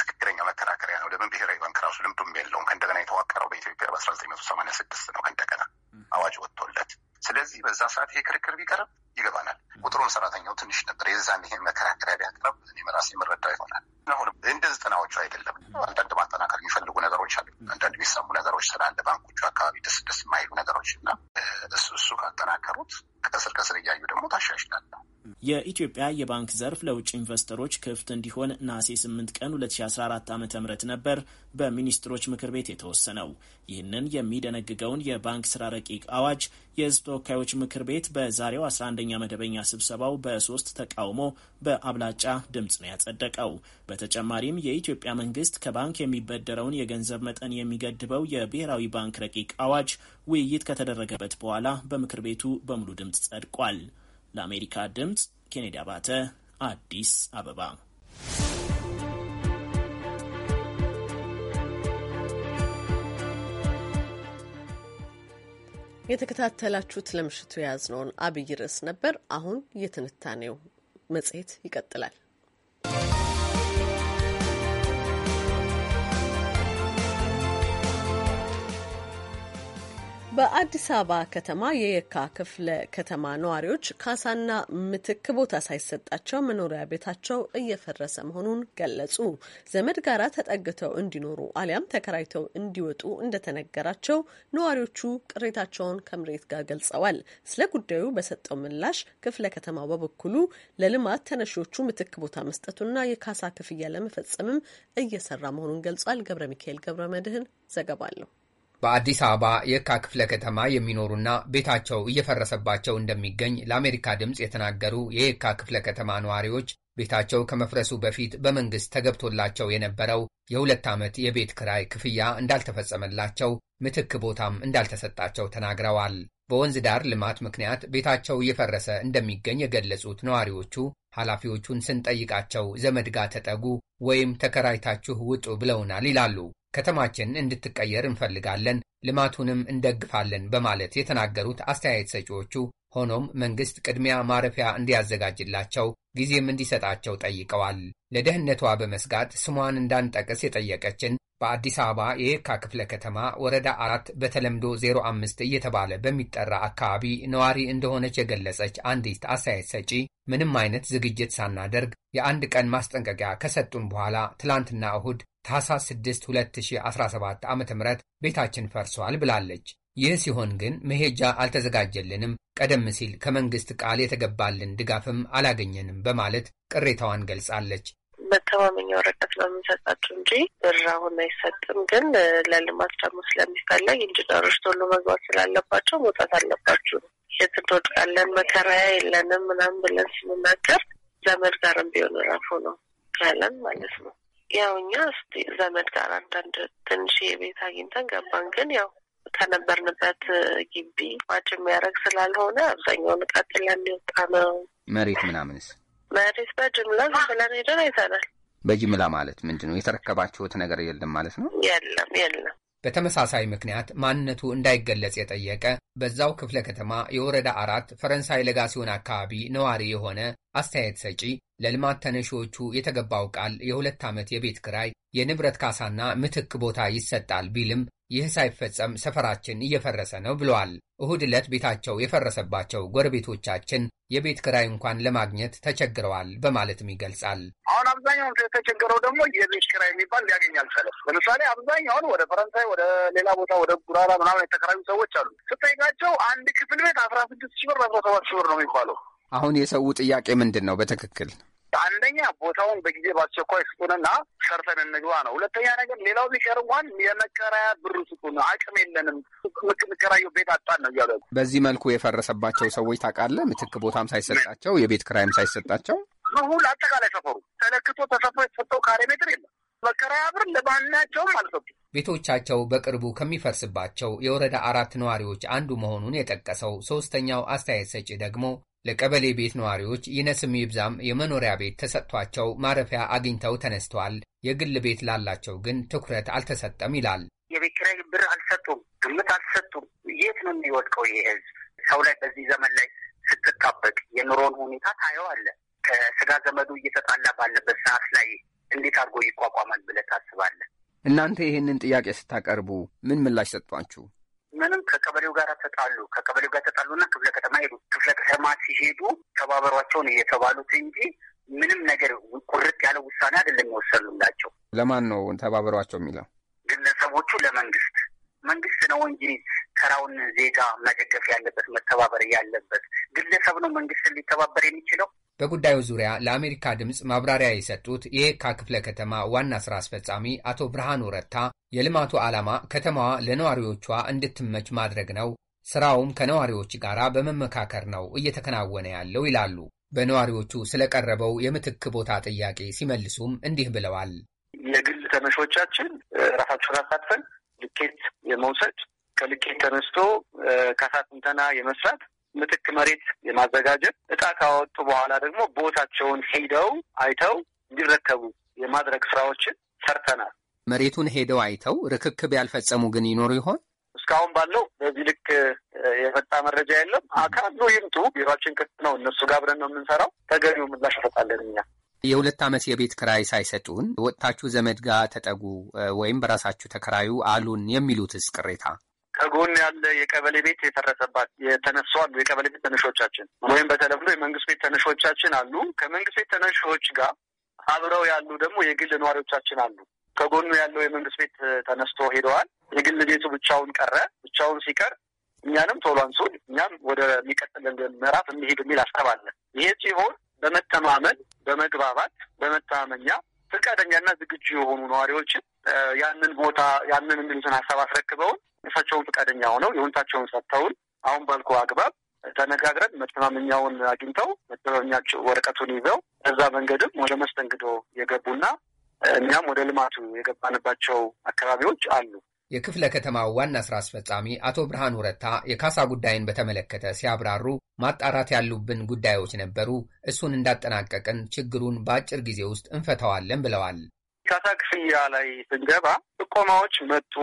ትክክለኛ መከራከሪያ ነው። ለምን ብሔራዊ ባንክ ራሱ ልምዱም የለውም። ከእንደገና የተዋቀረው በኢትዮጵያ በአስራ ዘጠኝ መቶ ሰማንያ ስድስት ነው። ከእንደገና አዋጅ ወጥቶለት ስለዚህ በዛ ሰዓት ይሄ ክርክር ቢቀርብ ይገባናል። ቁጥሩም ሰራተኛው ትንሽ ነበር። የዛን ይሄን መከራከሪያ ቢያቀርብ እኔ ራሴ መረዳ ይሆናል። አሁንም እንደ ዘጠናዎቹ አይደለም። የኢትዮጵያ የባንክ ዘርፍ ለውጭ ኢንቨስተሮች ክፍት እንዲሆን ናሴ 8 ቀን 2014 ዓ ም ነበር በሚኒስትሮች ምክር ቤት የተወሰነው። ይህንን የሚደነግገውን የባንክ ስራ ረቂቅ አዋጅ የህዝብ ተወካዮች ምክር ቤት በዛሬው 11ኛ መደበኛ ስብሰባው በሶስት ተቃውሞ በአብላጫ ድምፅ ነው ያጸደቀው። በተጨማሪም የኢትዮጵያ መንግስት ከባንክ የሚበደረውን የገንዘብ መጠን የሚገድበው የብሔራዊ ባንክ ረቂቅ አዋጅ ውይይት ከተደረገበት በኋላ በምክር ቤቱ በሙሉ ድምፅ ጸድቋል። ለአሜሪካ ድምፅ ኬኔዲ አባተ አዲስ አበባ። የተከታተላችሁት ለምሽቱ የያዝነውን አብይ ርዕስ ነበር። አሁን የትንታኔው መጽሔት ይቀጥላል። በአዲስ አበባ ከተማ የየካ ክፍለ ከተማ ነዋሪዎች ካሳና ምትክ ቦታ ሳይሰጣቸው መኖሪያ ቤታቸው እየፈረሰ መሆኑን ገለጹ። ዘመድ ጋራ ተጠግተው እንዲኖሩ አሊያም ተከራይተው እንዲወጡ እንደተነገራቸው ነዋሪዎቹ ቅሬታቸውን ከምሬት ጋር ገልጸዋል። ስለ ጉዳዩ በሰጠው ምላሽ ክፍለ ከተማው በበኩሉ ለልማት ተነሾቹ ምትክ ቦታ መስጠቱና የካሳ ክፍያ ለመፈጸምም እየሰራ መሆኑን ገልጿል። ገብረ ሚካኤል ገብረ መድህን ዘገባ አለው። በአዲስ አበባ የካ ክፍለ ከተማ የሚኖሩና ቤታቸው እየፈረሰባቸው እንደሚገኝ ለአሜሪካ ድምፅ የተናገሩ የየካ ክፍለ ከተማ ነዋሪዎች ቤታቸው ከመፍረሱ በፊት በመንግሥት ተገብቶላቸው የነበረው የሁለት ዓመት የቤት ክራይ ክፍያ እንዳልተፈጸመላቸው፣ ምትክ ቦታም እንዳልተሰጣቸው ተናግረዋል። በወንዝ ዳር ልማት ምክንያት ቤታቸው እየፈረሰ እንደሚገኝ የገለጹት ነዋሪዎቹ ኃላፊዎቹን ስንጠይቃቸው ዘመድ ጋር ተጠጉ ወይም ተከራይታችሁ ውጡ ብለውናል ይላሉ። ከተማችን እንድትቀየር እንፈልጋለን፣ ልማቱንም እንደግፋለን በማለት የተናገሩት አስተያየት ሰጪዎቹ ሆኖም መንግሥት ቅድሚያ ማረፊያ እንዲያዘጋጅላቸው ጊዜም እንዲሰጣቸው ጠይቀዋል። ለደህንነቷ በመስጋት ስሟን እንዳንጠቅስ የጠየቀችን በአዲስ አበባ የየካ ክፍለ ከተማ ወረዳ አራት በተለምዶ 05 እየተባለ በሚጠራ አካባቢ ነዋሪ እንደሆነች የገለጸች አንዲት አስተያየት ሰጪ ምንም አይነት ዝግጅት ሳናደርግ የአንድ ቀን ማስጠንቀቂያ ከሰጡን በኋላ ትላንትና እሁድ ታህሳስ 6 2017 ዓ ም ቤታችን ፈርሷል ብላለች። ይህ ሲሆን ግን መሄጃ አልተዘጋጀልንም፣ ቀደም ሲል ከመንግስት ቃል የተገባልን ድጋፍም አላገኘንም በማለት ቅሬታዋን ገልጻለች። መተማመኛ ወረቀት ነው የሚሰጣቸው እንጂ ብር አሁን አይሰጥም። ግን ለልማት ደግሞ ስለሚፈለግ ኢንጂነሮች ቶሎ መግባት ስላለባቸው መውጣት አለባችሁ የት እንደወድቃለን መከራያ የለንም ምናምን ብለን ስንናገር ዘመድ ጋርም ቢሆን ረፉ ነው ያለን ማለት ነው። ያው እኛ እስቲ ዘመድ ጋር አንዳንድ ትንሽ የቤት አግኝተን ገባን። ግን ያው ከነበርንበት ግቢ ማጭ የሚያደርግ ስላልሆነ አብዛኛውን እቃ ሊወጣ ነው። መሬት ምናምንስ መሬት በጅምላ ዝም ብለን ሄደን አይተናል። በጅምላ ማለት ምንድን ነው? የተረከባችሁት ነገር የለም ማለት ነው? የለም የለም። በተመሳሳይ ምክንያት ማንነቱ እንዳይገለጽ የጠየቀ በዛው ክፍለ ከተማ የወረዳ አራት ፈረንሳይ ለጋሲዮን አካባቢ ነዋሪ የሆነ አስተያየት ሰጪ ለልማት ተነሺዎቹ የተገባው ቃል የሁለት ዓመት የቤት ክራይ፣ የንብረት ካሳና ምትክ ቦታ ይሰጣል ቢልም ይህ ሳይፈጸም ሰፈራችን እየፈረሰ ነው ብለዋል። እሁድ ዕለት ቤታቸው የፈረሰባቸው ጎረቤቶቻችን የቤት ክራይ እንኳን ለማግኘት ተቸግረዋል በማለትም ይገልጻል። አሁን አብዛኛው የተቸገረው ደግሞ የቤት ክራይ የሚባል ሊያገኝ አልቻለም። ለምሳሌ አብዛኛውን ወደ ፈረንሳይ፣ ወደ ሌላ ቦታ፣ ወደ ጉራራ ምናምን የተከራዩ ሰዎች አሉ። ስጠይቃቸው አንድ ክፍል ቤት አስራ ስድስት ሺህ ብር አስራ ሰባት ሺህ ብር ነው የሚባለው። አሁን የሰው ጥያቄ ምንድን ነው በትክክል አንደኛ ቦታውን በጊዜ በአስቸኳይ ስጡንና ሰርተን እንግባ ነው። ሁለተኛ ነገር ሌላው ቢቀር እንኳን የመከራያ ብር ስጡን፣ አቅም የለንም፣ ምከራዩ ቤት አጣን ነው እያሉ በዚህ መልኩ የፈረሰባቸው ሰዎች ታውቃለህ። ምትክ ቦታም ሳይሰጣቸው የቤት ክራይም ሳይሰጣቸው ሁል አጠቃላይ ሰፈሩ ተለክቶ ተሰፍሮ የተሰጠው ካሬ ሜትር የለም። መከራያ ብር ለማናቸውም አልሰጡ ቤቶቻቸው በቅርቡ ከሚፈርስባቸው የወረዳ አራት ነዋሪዎች አንዱ መሆኑን የጠቀሰው ሶስተኛው አስተያየት ሰጪ ደግሞ ለቀበሌ ቤት ነዋሪዎች ይነስም ይብዛም የመኖሪያ ቤት ተሰጥቷቸው ማረፊያ አግኝተው ተነስተዋል። የግል ቤት ላላቸው ግን ትኩረት አልተሰጠም ይላል። የቤት ኪራይ ብር አልሰጡም፣ ግምት አልሰጡም። የት ነው የሚወድቀው ይህ ህዝብ? ሰው ላይ በዚህ ዘመን ላይ ስትጣበቅ የኑሮን ሁኔታ ታየዋለህ። ከስጋ ዘመዱ እየተጣላ ባለበት ሰዓት ላይ እንዴት አድርጎ ይቋቋማል ብለህ ታስባለህ? እናንተ ይህንን ጥያቄ ስታቀርቡ ምን ምላሽ ሰጧችሁ? ምንም ከቀበሌው ጋር ተጣሉ። ከቀበሌው ጋር ተጣሉና ክፍለ ከተማ ሄዱ። ክፍለ ከተማ ሲሄዱ ተባበሯቸውን እየተባሉት እንጂ ምንም ነገር ቁርጥ ያለ ውሳኔ አይደለም የወሰኑላቸው። ለማን ነው ተባበሯቸው የሚለው? ግለሰቦቹ ለመንግስት መንግስት ነው እንጂ ተራውን ዜጋ መደገፍ ያለበት መተባበር ያለበት ግለሰብ ነው መንግስትን ሊተባበር የሚችለው በጉዳዩ ዙሪያ ለአሜሪካ ድምፅ ማብራሪያ የሰጡት የየካ ክፍለ ከተማ ዋና ስራ አስፈጻሚ አቶ ብርሃኑ ረታ የልማቱ ዓላማ ከተማዋ ለነዋሪዎቿ እንድትመች ማድረግ ነው፣ ስራውም ከነዋሪዎች ጋር በመመካከር ነው እየተከናወነ ያለው ይላሉ። በነዋሪዎቹ ስለቀረበው የምትክ ቦታ ጥያቄ ሲመልሱም እንዲህ ብለዋል። የግል ተመሾቻችን ራሳቸውን አሳትፈን ልኬት የመውሰድ ከልኬት ተነስቶ ካሳ ትንተና የመስራት ምትክ መሬት የማዘጋጀት እጣ ካወጡ በኋላ ደግሞ ቦታቸውን ሄደው አይተው እንዲረከቡ የማድረግ ስራዎችን ሰርተናል። መሬቱን ሄደው አይተው ርክክብ ያልፈጸሙ ግን ይኖሩ ይሆን? እስካሁን ባለው በዚህ ልክ የፈጣ መረጃ የለም። አካሉ ይምጡ፣ ቢሮችን ክፍት ነው። እነሱ ጋር አብረን ነው የምንሰራው። ተገቢው ምላሽ እንሰጣለን። እኛ የሁለት ዓመት የቤት ክራይ ሳይሰጡን ወጥታችሁ ዘመድ ጋር ተጠጉ ወይም በራሳችሁ ተከራዩ አሉን የሚሉትስ ቅሬታ ከጎን ያለ የቀበሌ ቤት የፈረሰባት የተነሱ አሉ። የቀበሌ ቤት ተነሾቻችን ወይም በተለምዶ የመንግስት ቤት ተነሾቻችን አሉ። ከመንግስት ቤት ተነሾች ጋር አብረው ያሉ ደግሞ የግል ነዋሪዎቻችን አሉ። ከጎኑ ያለው የመንግስት ቤት ተነስቶ ሄደዋል። የግል ቤቱ ብቻውን ቀረ። ብቻውን ሲቀር እኛንም ቶሎ አንሱን፣ እኛም ወደሚቀጥል ምዕራፍ እንሄድ የሚል ሀሳብ አለ። ይሄ ሲሆን በመተማመን በመግባባት በመተማመኛ ፍቃደኛና ዝግጁ የሆኑ ነዋሪዎችን ያንን ቦታ ያንን የሚሉትን ሀሳብ አስረክበውን እሳቸውን ፈቃደኛ ሆነው የሁንታቸውን ሰጥተውን አሁን ባልኩ አግባብ ተነጋግረን መተማመኛውን አግኝተው መተማመኛቸው ወረቀቱን ይዘው በዛ መንገድም ወደ መስተንግዶ የገቡና እኛም ወደ ልማቱ የገባንባቸው አካባቢዎች አሉ። የክፍለ ከተማው ዋና ስራ አስፈጻሚ አቶ ብርሃን ወረታ የካሳ ጉዳይን በተመለከተ ሲያብራሩ ማጣራት ያሉብን ጉዳዮች ነበሩ፣ እሱን እንዳጠናቀቅን ችግሩን በአጭር ጊዜ ውስጥ እንፈተዋለን ብለዋል። ካሳ ክፍያ ላይ ስንገባ ጥቆማዎች መጡ።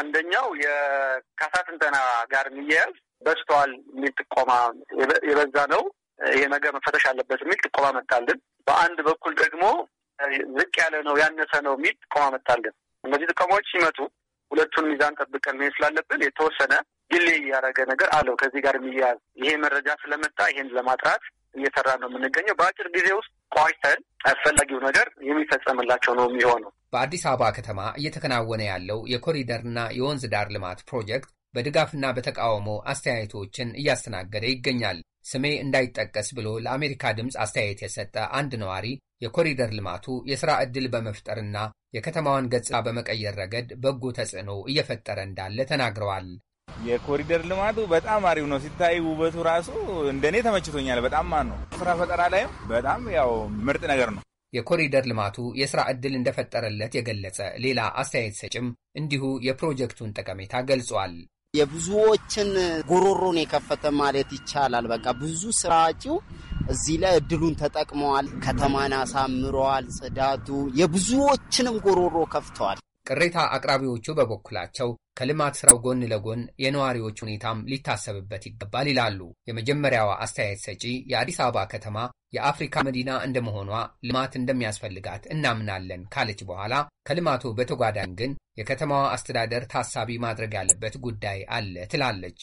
አንደኛው የካሳ ትንተና ጋር የሚያያዝ በስተዋል የሚል ጥቆማ የበዛ ነው። ይሄ ነገር መፈተሽ አለበት የሚል ጥቆማ መጣልን። በአንድ በኩል ደግሞ ዝቅ ያለ ነው ያነሰ ነው የሚል ጥቆማ መጣልን። እነዚህ ጥቆማዎች ሲመጡ ሁለቱን ሚዛን ጠብቀን መሄድ ስላለብን የተወሰነ ግሌ እያደረገ ነገር አለው ከዚህ ጋር የሚያያዝ ይሄ መረጃ ስለመጣ ይሄን ለማጥራት እየሰራ ነው የምንገኘው። በአጭር ጊዜ ውስጥ ቋጭተን አስፈላጊው ነገር የሚፈጸምላቸው ነው የሚሆነው። በአዲስ አበባ ከተማ እየተከናወነ ያለው የኮሪደርና የወንዝ ዳር ልማት ፕሮጀክት በድጋፍና በተቃውሞ አስተያየቶችን እያስተናገደ ይገኛል። ስሜ እንዳይጠቀስ ብሎ ለአሜሪካ ድምፅ አስተያየት የሰጠ አንድ ነዋሪ የኮሪደር ልማቱ የሥራ ዕድል በመፍጠርና የከተማዋን ገጽታ በመቀየር ረገድ በጎ ተጽዕኖ እየፈጠረ እንዳለ ተናግረዋል። የኮሪደር ልማቱ በጣም አሪፍ ነው። ሲታይ ውበቱ ራሱ እንደኔ ተመችቶኛል። በጣም ማን ነው ስራ ፈጠራ ላይም በጣም ያው ምርጥ ነገር ነው። የኮሪደር ልማቱ የስራ ዕድል እንደፈጠረለት የገለጸ ሌላ አስተያየት ሰጭም እንዲሁ የፕሮጀክቱን ጠቀሜታ ገልጿል። የብዙዎችን ጎሮሮን የከፈተ ማለት ይቻላል። በቃ ብዙ ስራ አጪው እዚህ ላይ እድሉን ተጠቅመዋል። ከተማን አሳምረዋል። ጽዳቱ የብዙዎችንም ጎሮሮ ከፍተዋል። ቅሬታ አቅራቢዎቹ በበኩላቸው ከልማት ስራው ጎን ለጎን የነዋሪዎች ሁኔታም ሊታሰብበት ይገባል ይላሉ። የመጀመሪያዋ አስተያየት ሰጪ የአዲስ አበባ ከተማ የአፍሪካ መዲና እንደመሆኗ ልማት እንደሚያስፈልጋት እናምናለን ካለች በኋላ ከልማቱ በተጓዳኝ ግን የከተማዋ አስተዳደር ታሳቢ ማድረግ ያለበት ጉዳይ አለ ትላለች።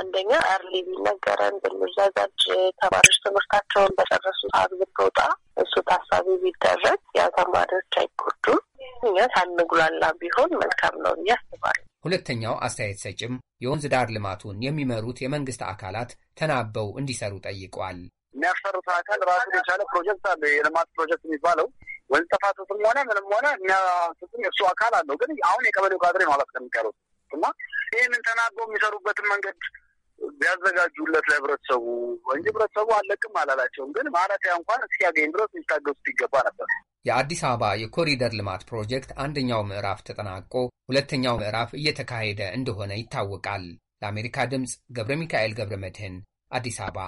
አንደኛ አርሊ ቢነገረን ብንዘጋጅ ተማሪዎች ትምህርታቸውን በጨረሱ ሰዓት ብትወጣ እሱ ታሳቢ ቢደረግ ያ ተማሪዎች አይጎዱም። ግንኙነት አንጉላላ ቢሆን መልካም ነው ብዬ ሁለተኛው አስተያየት ሰጭም የወንዝ ዳር ልማቱን የሚመሩት የመንግስት አካላት ተናበው እንዲሰሩ ጠይቋል። የሚያሰሩት አካል ራሱን የቻለ ፕሮጀክት አለ። የልማት ፕሮጀክት የሚባለው ወንዝ ጥፋትም ሆነ ምንም ሆነ የሚያስም እሱ አካል አለው። ግን አሁን የቀበሌው ካድሬ ነው አላስቀምቀሩት እና ይህንን ተናበው የሚሰሩበትን መንገድ ቢያዘጋጁለት ለህብረተሰቡ እንጂ ህብረተሰቡ አለቅም አላላቸውም። ግን ማለፊያ እንኳን እስኪያገኝ ድረስ ሊታገሱት ይገባ ነበር። የአዲስ አበባ የኮሪደር ልማት ፕሮጀክት አንደኛው ምዕራፍ ተጠናቆ ሁለተኛው ምዕራፍ እየተካሄደ እንደሆነ ይታወቃል። ለአሜሪካ ድምፅ ገብረ ሚካኤል ገብረ መድህን አዲስ አበባ።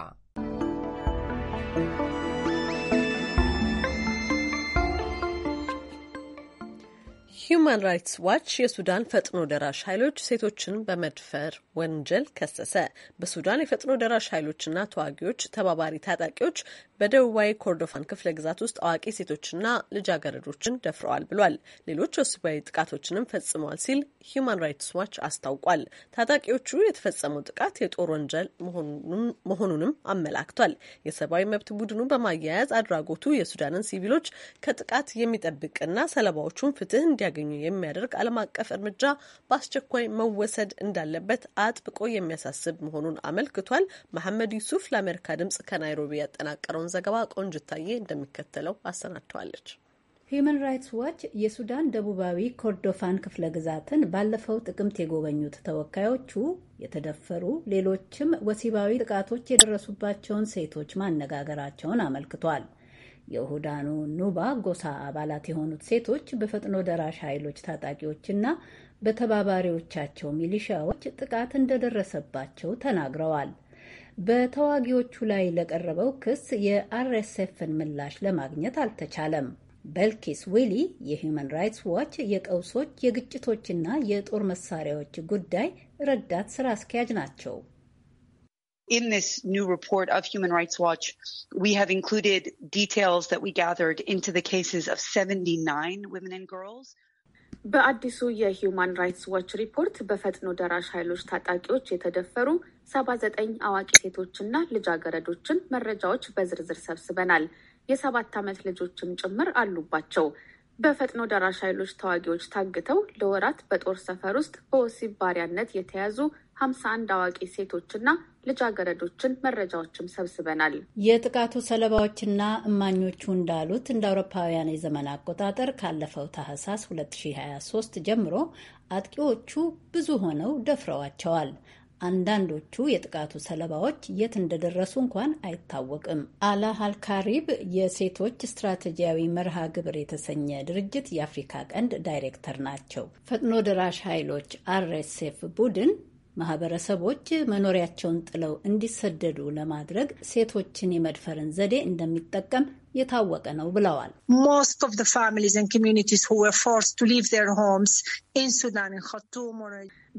ሂዩማን ራይትስ ዋች የሱዳን ፈጥኖ ደራሽ ኃይሎች ሴቶችን በመድፈር ወንጀል ከሰሰ። በሱዳን የፈጥኖ ደራሽ ኃይሎችና ተዋጊዎች ተባባሪ ታጣቂዎች በደቡባዊ ኮርዶፋን ክፍለ ግዛት ውስጥ አዋቂ ሴቶችና ልጃገረዶችን ደፍረዋል ብሏል። ሌሎች ወሲባዊ ጥቃቶችንም ፈጽመዋል ሲል ሂዩማን ራይትስ ዋች አስታውቋል። ታጣቂዎቹ የተፈጸመው ጥቃት የጦር ወንጀል መሆኑንም አመላክቷል። የሰብአዊ መብት ቡድኑ በማያያዝ አድራጎቱ የሱዳንን ሲቪሎች ከጥቃት የሚጠብቅና ሰለባዎቹን ፍትህ እንዲያገኙ የሚያደርግ ዓለም አቀፍ እርምጃ በአስቸኳይ መወሰድ እንዳለበት አጥብቆ የሚያሳስብ መሆኑን አመልክቷል። መሐመድ ዩሱፍ ለአሜሪካ ድምጽ ከናይሮቢ ያጠናቀረውን የተሰናዳውን ዘገባ ቆንጅታዬ እንደሚከተለው አሰናድተዋለች። ሂዩማን ራይትስ ዋች የሱዳን ደቡባዊ ኮርዶፋን ክፍለ ግዛትን ባለፈው ጥቅምት የጎበኙት ተወካዮቹ የተደፈሩ ሌሎችም ወሲባዊ ጥቃቶች የደረሱባቸውን ሴቶች ማነጋገራቸውን አመልክቷል። የሁዳኑ ኑባ ጎሳ አባላት የሆኑት ሴቶች በፈጥኖ ደራሽ ኃይሎች ታጣቂዎችና በተባባሪዎቻቸው ሚሊሻዎች ጥቃት እንደደረሰባቸው ተናግረዋል። በተዋጊዎቹ ላይ ለቀረበው ክስ የአርኤስኤፍን ምላሽ ለማግኘት አልተቻለም። በልኪስ ዊሊ የሂውማን ራይትስ ዋች የቀውሶች የግጭቶችና የጦር መሳሪያዎች ጉዳይ ረዳት ስራ አስኪያጅ ናቸው። in this new report of Human Rights Watch, we have included details that we gathered into the cases of 79 women and girls. በአዲሱ የሂውማን ራይትስ ዋች ሪፖርት በፈጥኖ ደራሽ ኃይሎች ታጣቂዎች የተደፈሩ ሰባ ዘጠኝ አዋቂ ሴቶችና ልጃገረዶችን መረጃዎች በዝርዝር ሰብስበናል። የሰባት ዓመት ልጆችም ጭምር አሉባቸው። በፈጥኖ ደራሽ ኃይሎች ተዋጊዎች ታግተው ለወራት በጦር ሰፈር ውስጥ በወሲብ ባሪያነት የተያዙ ሀምሳ አንድ አዋቂ ሴቶችና ልጃገረዶችን መረጃዎችም ሰብስበናል። የጥቃቱ ሰለባዎችና እማኞቹ እንዳሉት እንደ አውሮፓውያን የዘመን አቆጣጠር ካለፈው ታህሳስ 2023 ጀምሮ አጥቂዎቹ ብዙ ሆነው ደፍረዋቸዋል። አንዳንዶቹ የጥቃቱ ሰለባዎች የት እንደደረሱ እንኳን አይታወቅም። አላ አልካሪብ የሴቶች ስትራቴጂያዊ መርሃ ግብር የተሰኘ ድርጅት የአፍሪካ ቀንድ ዳይሬክተር ናቸው። ፈጥኖ ደራሽ ኃይሎች አርኤስኤፍ ቡድን ማህበረሰቦች መኖሪያቸውን ጥለው እንዲሰደዱ ለማድረግ ሴቶችን የመድፈርን ዘዴ እንደሚጠቀም የታወቀ ነው ብለዋል።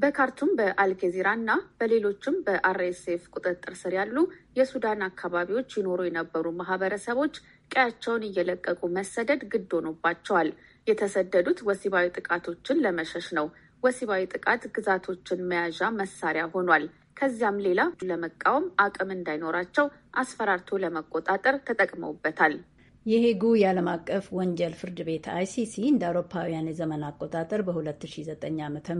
በካርቱም በአልኬዚራ እና በሌሎችም በአርኤስኤፍ ቁጥጥር ስር ያሉ የሱዳን አካባቢዎች ይኖሩ የነበሩ ማህበረሰቦች ቀያቸውን እየለቀቁ መሰደድ ግድ ሆኖባቸዋል። የተሰደዱት ወሲባዊ ጥቃቶችን ለመሸሽ ነው። ወሲባዊ ጥቃት ግዛቶችን መያዣ መሳሪያ ሆኗል። ከዚያም ሌላ ለመቃወም አቅም እንዳይኖራቸው አስፈራርቶ ለመቆጣጠር ተጠቅመውበታል። የሄጉ የዓለም አቀፍ ወንጀል ፍርድ ቤት አይሲሲ እንደ አውሮፓውያን የዘመን አቆጣጠር በ2009 ዓ ም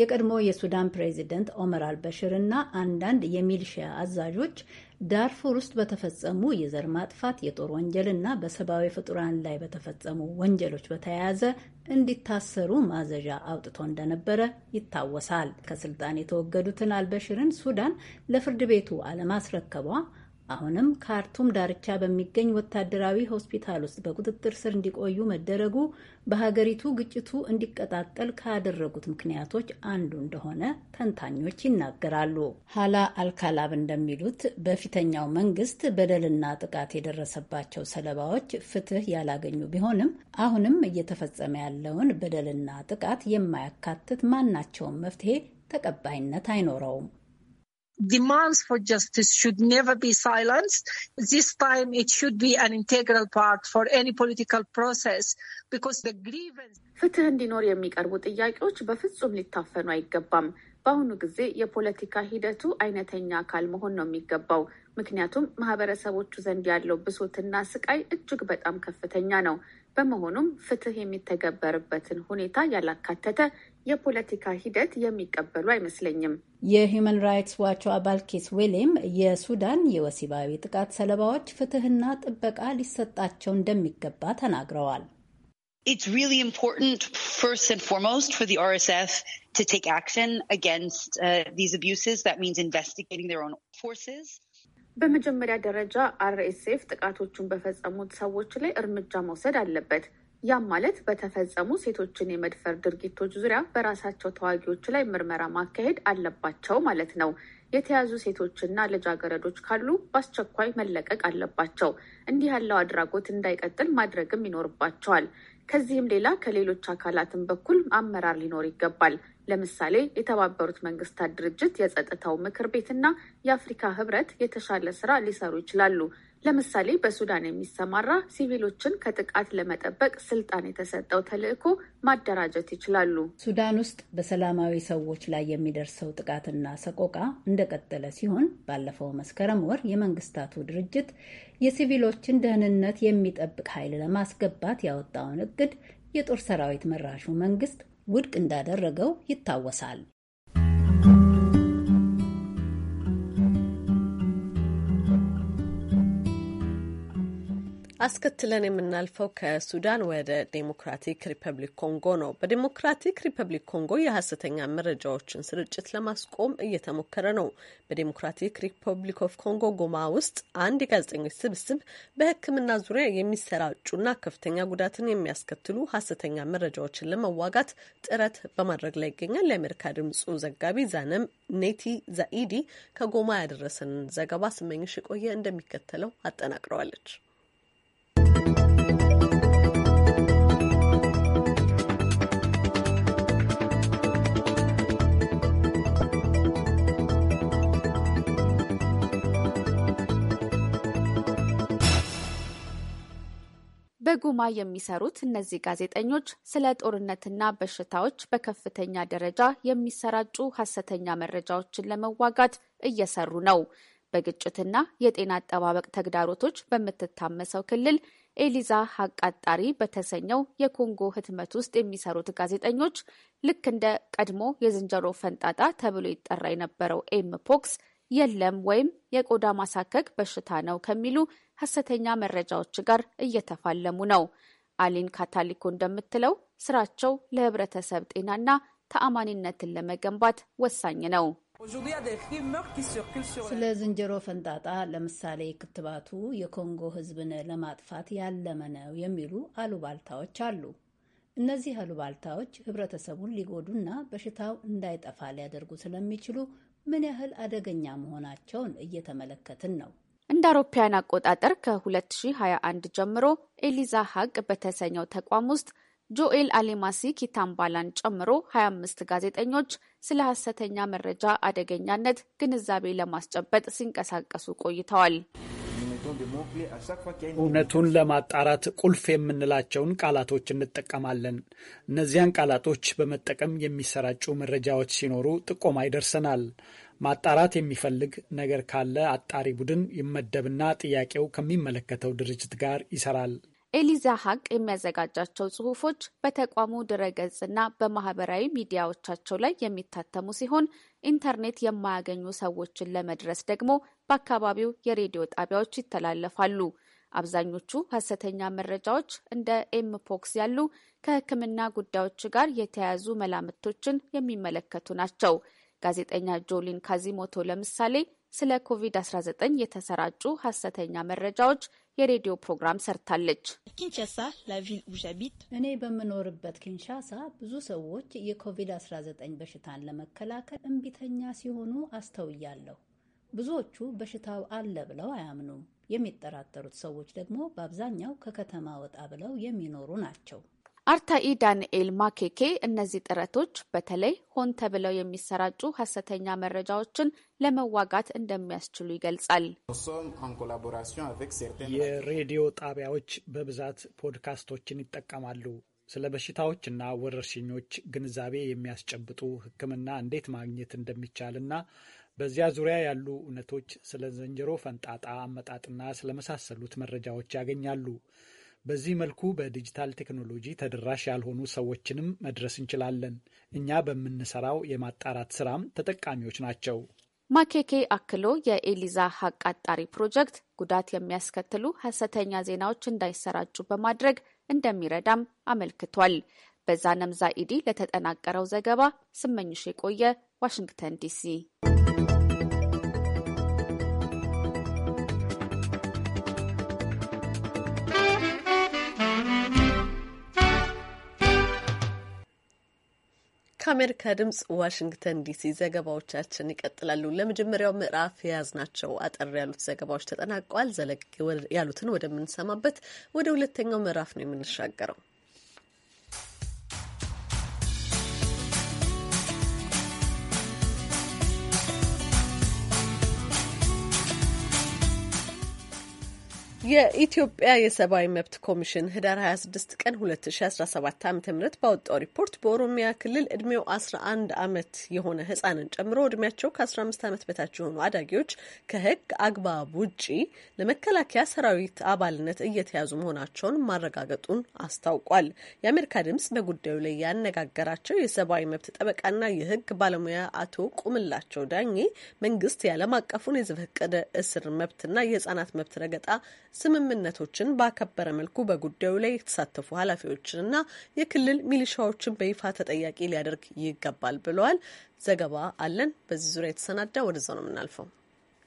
የቀድሞ የሱዳን ፕሬዚደንት ኦመር አልበሽር እና አንዳንድ የሚሊሺያ አዛዦች ዳርፉር ውስጥ በተፈጸሙ የዘር ማጥፋት፣ የጦር ወንጀል እና በሰብአዊ ፍጡራን ላይ በተፈጸሙ ወንጀሎች በተያያዘ እንዲታሰሩ ማዘዣ አውጥቶ እንደነበረ ይታወሳል። ከስልጣን የተወገዱትን አልበሽርን ሱዳን ለፍርድ ቤቱ አለማስረከቧ አሁንም ካርቱም ዳርቻ በሚገኝ ወታደራዊ ሆስፒታል ውስጥ በቁጥጥር ስር እንዲቆዩ መደረጉ በሀገሪቱ ግጭቱ እንዲቀጣጠል ካደረጉት ምክንያቶች አንዱ እንደሆነ ተንታኞች ይናገራሉ። ሀላ አልካላብ እንደሚሉት በፊተኛው መንግስት በደልና ጥቃት የደረሰባቸው ሰለባዎች ፍትህ ያላገኙ ቢሆንም አሁንም እየተፈጸመ ያለውን በደልና ጥቃት የማያካትት ማናቸውም መፍትሄ ተቀባይነት አይኖረውም። demands for justice should never be silenced. This time it should be an integral part for any political process because the grievance ፍትህ እንዲኖር የሚቀርቡ ጥያቄዎች በፍጹም ሊታፈኑ አይገባም። በአሁኑ ጊዜ የፖለቲካ ሂደቱ አይነተኛ አካል መሆን ነው የሚገባው። ምክንያቱም ማህበረሰቦቹ ዘንድ ያለው ብሶትና ስቃይ እጅግ በጣም ከፍተኛ ነው። በመሆኑም ፍትህ የሚተገበርበትን ሁኔታ ያላካተተ የፖለቲካ ሂደት የሚቀበሉ አይመስለኝም። የሂዩማን ራይትስ ዋቹ አባል ኬስ ዌሌም የሱዳን የወሲባዊ ጥቃት ሰለባዎች ፍትህና ጥበቃ ሊሰጣቸው እንደሚገባ ተናግረዋል። በመጀመሪያ ደረጃ አርኤስኤፍ ጥቃቶቹን በፈጸሙት ሰዎች ላይ እርምጃ መውሰድ አለበት። ያም ማለት በተፈጸሙ ሴቶችን የመድፈር ድርጊቶች ዙሪያ በራሳቸው ተዋጊዎች ላይ ምርመራ ማካሄድ አለባቸው ማለት ነው። የተያዙ ሴቶችና ልጃገረዶች ካሉ በአስቸኳይ መለቀቅ አለባቸው። እንዲህ ያለው አድራጎት እንዳይቀጥል ማድረግም ይኖርባቸዋል። ከዚህም ሌላ ከሌሎች አካላትም በኩል አመራር ሊኖር ይገባል። ለምሳሌ የተባበሩት መንግስታት ድርጅት የጸጥታው ምክር ቤትና የአፍሪካ ህብረት የተሻለ ስራ ሊሰሩ ይችላሉ። ለምሳሌ በሱዳን የሚሰማራ ሲቪሎችን ከጥቃት ለመጠበቅ ስልጣን የተሰጠው ተልዕኮ ማደራጀት ይችላሉ። ሱዳን ውስጥ በሰላማዊ ሰዎች ላይ የሚደርሰው ጥቃትና ሰቆቃ እንደቀጠለ ሲሆን ባለፈው መስከረም ወር የመንግስታቱ ድርጅት የሲቪሎችን ደህንነት የሚጠብቅ ኃይል ለማስገባት ያወጣውን እቅድ የጦር ሰራዊት መራሹ መንግስት ውድቅ እንዳደረገው ይታወሳል። አስከትለን የምናልፈው ከሱዳን ወደ ዴሞክራቲክ ሪፐብሊክ ኮንጎ ነው። በዴሞክራቲክ ሪፐብሊክ ኮንጎ የሀሰተኛ መረጃዎችን ስርጭት ለማስቆም እየተሞከረ ነው። በዴሞክራቲክ ሪፐብሊክ ኦፍ ኮንጎ ጎማ ውስጥ አንድ የጋዜጠኞች ስብስብ በሕክምና ዙሪያ የሚሰራጩና ከፍተኛ ጉዳትን የሚያስከትሉ ሀሰተኛ መረጃዎችን ለመዋጋት ጥረት በማድረግ ላይ ይገኛል። የአሜሪካ ድምጹ ዘጋቢ ዛነም ኔቲ ዛኢዲ ከጎማ ያደረሰን ዘገባ ስመኝሽ የቆየ እንደሚከተለው አጠናቅረዋለች። በጉማ የሚሰሩት እነዚህ ጋዜጠኞች ስለ ጦርነትና በሽታዎች በከፍተኛ ደረጃ የሚሰራጩ ሀሰተኛ መረጃዎችን ለመዋጋት እየሰሩ ነው። በግጭትና የጤና አጠባበቅ ተግዳሮቶች በምትታመሰው ክልል ኤሊዛ አቃጣሪ በተሰኘው የኮንጎ ህትመት ውስጥ የሚሰሩት ጋዜጠኞች ልክ እንደ ቀድሞ የዝንጀሮ ፈንጣጣ ተብሎ ይጠራ የነበረው ኤምፖክስ የለም ወይም የቆዳ ማሳከክ በሽታ ነው ከሚሉ ሐሰተኛ መረጃዎች ጋር እየተፋለሙ ነው። አሊን ካታሊኮ እንደምትለው ስራቸው ለህብረተሰብ ጤናና ተአማኒነትን ለመገንባት ወሳኝ ነው። ስለ ዝንጀሮ ፈንጣጣ ለምሳሌ ክትባቱ የኮንጎ ህዝብን ለማጥፋት ያለመ ነው የሚሉ አሉባልታዎች አሉ። እነዚህ አሉባልታዎች ህብረተሰቡን ሊጎዱና በሽታው እንዳይጠፋ ሊያደርጉ ስለሚችሉ ምን ያህል አደገኛ መሆናቸውን እየተመለከትን ነው። እንደ አውሮፓውያን አቆጣጠር ከ2021 ጀምሮ ኤሊዛ ሀቅ በተሰኘው ተቋም ውስጥ ጆኤል አሌማሲ ኪታምባላን ጨምሮ 25 ጋዜጠኞች ስለ ሐሰተኛ መረጃ አደገኛነት ግንዛቤ ለማስጨበጥ ሲንቀሳቀሱ ቆይተዋል። እውነቱን ለማጣራት ቁልፍ የምንላቸውን ቃላቶች እንጠቀማለን። እነዚያን ቃላቶች በመጠቀም የሚሰራጩ መረጃዎች ሲኖሩ ጥቆማ ይደርሰናል። ማጣራት የሚፈልግ ነገር ካለ አጣሪ ቡድን ይመደብና ጥያቄው ከሚመለከተው ድርጅት ጋር ይሰራል። ኤሊዛ ሀቅ የሚያዘጋጃቸው ጽሁፎች በተቋሙ ድረገጽና በማህበራዊ ሚዲያዎቻቸው ላይ የሚታተሙ ሲሆን ኢንተርኔት የማያገኙ ሰዎችን ለመድረስ ደግሞ በአካባቢው የሬዲዮ ጣቢያዎች ይተላለፋሉ። አብዛኞቹ ሀሰተኛ መረጃዎች እንደ ኤምፖክስ ያሉ ከሕክምና ጉዳዮች ጋር የተያያዙ መላምቶችን የሚመለከቱ ናቸው። ጋዜጠኛ ጆሊን ካዚሞቶ ለምሳሌ ስለ ኮቪድ-19 የተሰራጩ ሀሰተኛ መረጃዎች የሬዲዮ ፕሮግራም ሰርታለች። ላቪል እኔ በምኖርበት ኪንሻሳ ብዙ ሰዎች የኮቪድ-19 በሽታን ለመከላከል እምቢተኛ ሲሆኑ አስተውያለሁ። ብዙዎቹ በሽታው አለ ብለው አያምኑም። የሚጠራጠሩት ሰዎች ደግሞ በአብዛኛው ከከተማ ወጣ ብለው የሚኖሩ ናቸው። አርታኢ ዳንኤል ማኬኬ እነዚህ ጥረቶች በተለይ ሆን ተብለው የሚሰራጩ ሀሰተኛ መረጃዎችን ለመዋጋት እንደሚያስችሉ ይገልጻል። የሬዲዮ ጣቢያዎች በብዛት ፖድካስቶችን ይጠቀማሉ። ስለ ና ወረርሽኞች ግንዛቤ የሚያስጨብጡ ሕክምና እንዴት ማግኘት እንደሚቻል እና በዚያ ዙሪያ ያሉ እውነቶች ስለ ዝንጀሮ ፈንጣጣ አመጣጥና ስለመሳሰሉት መረጃዎች ያገኛሉ። በዚህ መልኩ በዲጂታል ቴክኖሎጂ ተደራሽ ያልሆኑ ሰዎችንም መድረስ እንችላለን። እኛ በምንሰራው የማጣራት ስራም ተጠቃሚዎች ናቸው። ማኬኬ አክሎ የኤሊዛ ሀቅ አጣሪ ፕሮጀክት ጉዳት የሚያስከትሉ ሀሰተኛ ዜናዎች እንዳይሰራጩ በማድረግ እንደሚረዳም አመልክቷል። በዛነም ኢዲ ለተጠናቀረው ዘገባ ስመኝሽ የቆየ ዋሽንግተን ዲሲ ከአሜሪካ ድምጽ ዋሽንግተን ዲሲ ዘገባዎቻችን ይቀጥላሉ። ለመጀመሪያው ምዕራፍ የያዝናቸው አጠር ያሉት ዘገባዎች ተጠናቀዋል። ዘለግ ያሉትን ወደምንሰማበት ወደ ሁለተኛው ምዕራፍ ነው የምንሻገረው። የኢትዮጵያ የሰብአዊ መብት ኮሚሽን ህዳር 26 ቀን 2017 ዓ ም ባወጣው ሪፖርት በኦሮሚያ ክልል እድሜው 11 ዓመት የሆነ ህጻንን ጨምሮ እድሜያቸው ከ15 ዓመት በታች የሆኑ አዳጊዎች ከህግ አግባብ ውጪ ለመከላከያ ሰራዊት አባልነት እየተያዙ መሆናቸውን ማረጋገጡን አስታውቋል። የአሜሪካ ድምጽ በጉዳዩ ላይ ያነጋገራቸው የሰብአዊ መብት ጠበቃና የህግ ባለሙያ አቶ ቁምላቸው ዳኜ መንግስት የዓለም አቀፉን የዘፈቀደ እስር መብትና የህጻናት መብት ረገጣ ስምምነቶችን ባከበረ መልኩ በጉዳዩ ላይ የተሳተፉ ኃላፊዎችንና የክልል ሚሊሻዎችን በይፋ ተጠያቂ ሊያደርግ ይገባል ብለዋል። ዘገባ አለን በዚህ ዙሪያ የተሰናዳ። ወደዛ ነው የምናልፈው።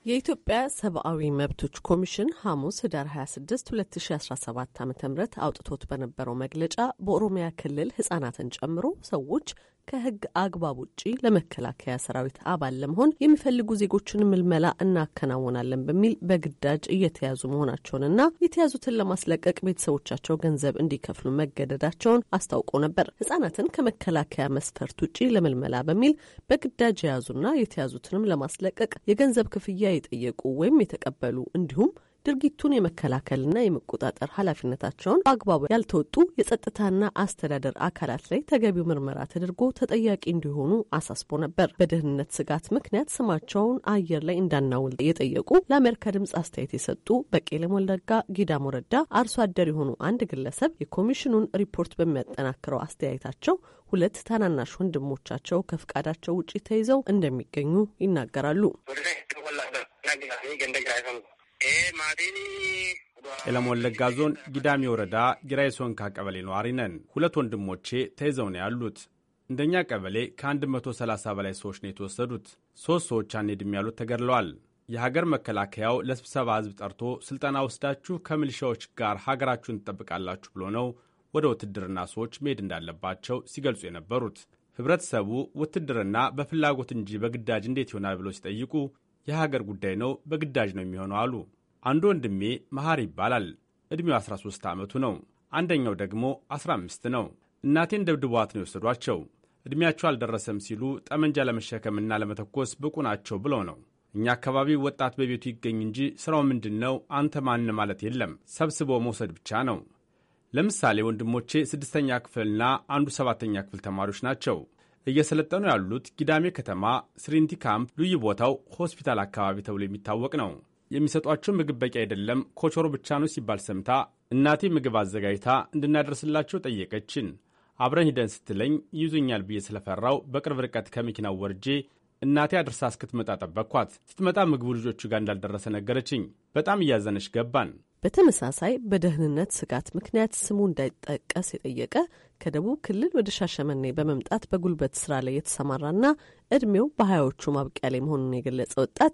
የኢትዮጵያ ሰብአዊ መብቶች ኮሚሽን ሐሙስ ህዳር 26 2017 ዓ ም አውጥቶት በነበረው መግለጫ በኦሮሚያ ክልል ህጻናትን ጨምሮ ሰዎች ከህግ አግባብ ውጪ ለመከላከያ ሰራዊት አባል ለመሆን የሚፈልጉ ዜጎችን ምልመላ እናከናወናለን በሚል በግዳጅ እየተያዙ መሆናቸውንና የተያዙትን ለማስለቀቅ ቤተሰቦቻቸው ገንዘብ እንዲከፍሉ መገደዳቸውን አስታውቆ ነበር። ህጻናትን ከመከላከያ መስፈርት ውጪ ለምልመላ በሚል በግዳጅ የያዙና የተያዙትንም ለማስለቀቅ የገንዘብ ክፍያ የጠየቁ ወይም የተቀበሉ እንዲሁም ድርጊቱን የመከላከልና የመቆጣጠር ኃላፊነታቸውን በአግባቡ ያልተወጡ የጸጥታና አስተዳደር አካላት ላይ ተገቢው ምርመራ ተደርጎ ተጠያቂ እንዲሆኑ አሳስቦ ነበር። በደህንነት ስጋት ምክንያት ስማቸውን አየር ላይ እንዳናውል የጠየቁ ለአሜሪካ ድምፅ አስተያየት የሰጡ በቄለም ወለጋ ጊዳም ወረዳ አርሶ አደር የሆኑ አንድ ግለሰብ የኮሚሽኑን ሪፖርት በሚያጠናክረው አስተያየታቸው ሁለት ታናናሽ ወንድሞቻቸው ከፍቃዳቸው ውጪ ተይዘው እንደሚገኙ ይናገራሉ። ቄለም ወለጋ ዞን ጊዳሚ ወረዳ ሶንካ ቀበሌ ነዋሪ ነን። ሁለት ወንድሞቼ ተይዘው ነው ያሉት። እንደኛ ቀበሌ ከ130 በላይ ሰዎች ነው የተወሰዱት። ሦስት ሰዎች አንሄድም ያሉት ተገድለዋል። የሀገር መከላከያው ለስብሰባ ሕዝብ ጠርቶ ሥልጠና ወስዳችሁ ከሚሊሻዎች ጋር ሀገራችሁን ትጠብቃላችሁ ብሎ ነው ወደ ውትድርና ሰዎች መሄድ እንዳለባቸው ሲገልጹ የነበሩት። ህብረተሰቡ ውትድርና በፍላጎት እንጂ በግዳጅ እንዴት ይሆናል ብሎ ሲጠይቁ የሀገር ጉዳይ ነው፣ በግዳጅ ነው የሚሆነው አሉ። አንዱ ወንድሜ መሐር ይባላል። ዕድሜው 13 ዓመቱ ነው። አንደኛው ደግሞ 15 ነው። እናቴን ደብድቧት ነው የወሰዷቸው። ዕድሜያቸው አልደረሰም ሲሉ ጠመንጃ ለመሸከምና ለመተኮስ ብቁ ናቸው ብለው ነው። እኛ አካባቢ ወጣት በቤቱ ይገኝ እንጂ ሥራው ምንድን ነው አንተ ማን ማለት የለም፣ ሰብስቦ መውሰድ ብቻ ነው። ለምሳሌ ወንድሞቼ ስድስተኛ ክፍልና አንዱ ሰባተኛ ክፍል ተማሪዎች ናቸው። እየሰለጠኑ ያሉት ጊዳሜ ከተማ ስሪንቲ ካምፕ ልዩ ቦታው ሆስፒታል አካባቢ ተብሎ የሚታወቅ ነው። የሚሰጧቸው ምግብ በቂ አይደለም፣ ኮቾሮ ብቻ ነው ሲባል ሰምታ እናቴ ምግብ አዘጋጅታ እንድናደርስላቸው ጠየቀችን። አብረን ሂደን ስትለኝ ይዙኛል ብዬ ስለፈራው በቅርብ ርቀት ከመኪናው ወርጄ እናቴ አድርሳ እስክትመጣ ጠበቅኳት። ስትመጣ ምግቡ ልጆቹ ጋር እንዳልደረሰ ነገረችኝ። በጣም እያዘነች ገባን። በተመሳሳይ በደህንነት ስጋት ምክንያት ስሙ እንዳይጠቀስ የጠየቀ ከደቡብ ክልል ወደ ሻሸመኔ በመምጣት በጉልበት ስራ ላይ የተሰማራና ዕድሜው በሀያዎቹ ማብቂያ ላይ መሆኑን የገለጸ ወጣት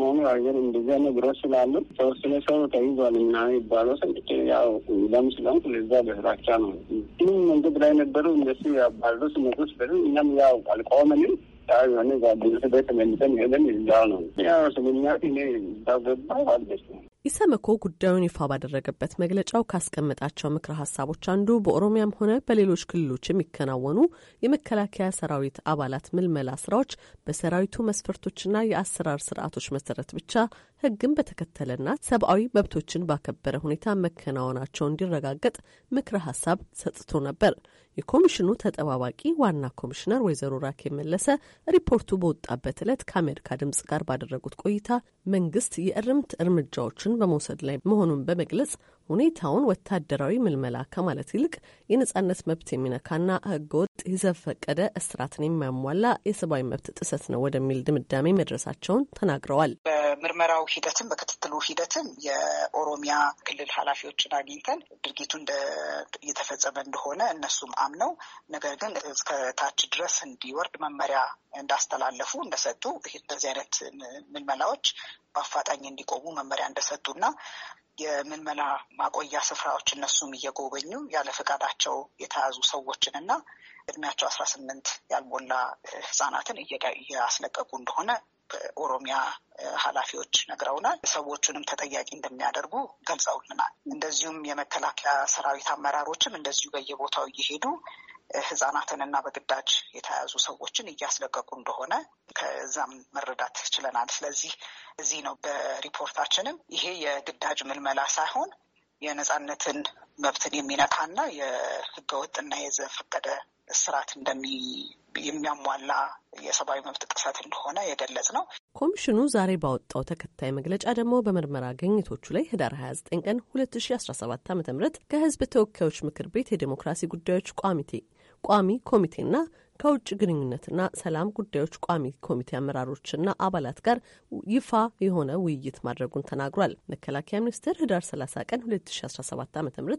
ሰሞኑ አገር እንደዚያ ነገሮች ስላሉ ተወሰነ ሰው ተይዟል እና ይባለው ሰንጭ ያው ለምስለም ስለዛ በስራቻ ነው ይህም መንገድ ላይ ነበሩ እንደሱ ያባሉ ስነቶች በ እኛም ያው አልቆመንም የሆነ ጓደኞች ቤት ተመልሰን ሄደን እዛ ነው ያው ስምኛ እኔ እዛ ገባ አልደስ ኢሰመኮ ጉዳዩን ይፋ ባደረገበት መግለጫው ካስቀመጣቸው ምክረ ሀሳቦች አንዱ በኦሮሚያም ሆነ በሌሎች ክልሎች የሚከናወኑ የመከላከያ ሰራዊት አባላት ምልመላ ስራዎች በሰራዊቱ መስፈርቶችና የአሰራር ስርዓቶች መሰረት ብቻ ሕግን በተከተለና ሰብአዊ መብቶችን ባከበረ ሁኔታ መከናወናቸው እንዲረጋገጥ ምክረ ሀሳብ ሰጥቶ ነበር። የኮሚሽኑ ተጠባባቂ ዋና ኮሚሽነር ወይዘሮ ራኬ መለሰ ሪፖርቱ በወጣበት ዕለት ከአሜሪካ ድምጽ ጋር ባደረጉት ቆይታ መንግስት የእርምት እርምጃዎችን እርምጃዎችን በመውሰድ ላይ መሆኑን በመግለጽ ሁኔታውን ወታደራዊ ምልመላ ከማለት ይልቅ የነጻነት መብት የሚነካና ህገወጥ የዘፈቀደ እስራትን የሚያሟላ የሰብአዊ መብት ጥሰት ነው ወደሚል ድምዳሜ መድረሳቸውን ተናግረዋል። በምርመራው ሂደትም በክትትሉ ሂደትም የኦሮሚያ ክልል ኃላፊዎችን አግኝተን ድርጊቱ እየተፈጸመ እንደሆነ እነሱም አምነው ነገር ግን እስከታች ድረስ እንዲወርድ መመሪያ እንዳስተላለፉ እንደሰጡ እንደዚህ አይነት ምልመላዎች በአፋጣኝ እንዲቆሙ መመሪያ እንደሰጡና የምልመላ ማቆያ ስፍራዎች እነሱም እየጎበኙ ያለ ፈቃዳቸው የተያዙ ሰዎችን እና እድሜያቸው አስራ ስምንት ያልሞላ ህጻናትን እያስለቀቁ እንደሆነ በኦሮሚያ ኃላፊዎች ነግረውናል። ሰዎቹንም ተጠያቂ እንደሚያደርጉ ገልጸውልናል። እንደዚሁም የመከላከያ ሰራዊት አመራሮችም እንደዚሁ በየቦታው እየሄዱ እና በግዳጅ የተያዙ ሰዎችን እያስለቀቁ እንደሆነ ከዛም መረዳት ችለናል። ስለዚህ እዚህ ነው በሪፖርታችንም ይሄ የግዳጅ ምልመላ ሳይሆን የነጻነትን መብትን የሚነካና የህገወጥና የዘፈቀደ ስርዓት እንደሚ የሚያሟላ የሰብአዊ መብት ጥሰት እንደሆነ የገለጽ ነው። ኮሚሽኑ ዛሬ ባወጣው ተከታይ መግለጫ ደግሞ በምርመራ ግኝቶቹ ላይ ህዳር 29 ቀን 2017 ዓ ም ከህዝብ ተወካዮች ምክር ቤት የዴሞክራሲ ጉዳዮች ቋሚቴ ቋሚ ኮሚቴና ከውጭ ግንኙነትና ሰላም ጉዳዮች ቋሚ ኮሚቴ አመራሮችና አባላት ጋር ይፋ የሆነ ውይይት ማድረጉን ተናግሯል። መከላከያ ሚኒስቴር ህዳር 30 ቀን 2017 ዓ ም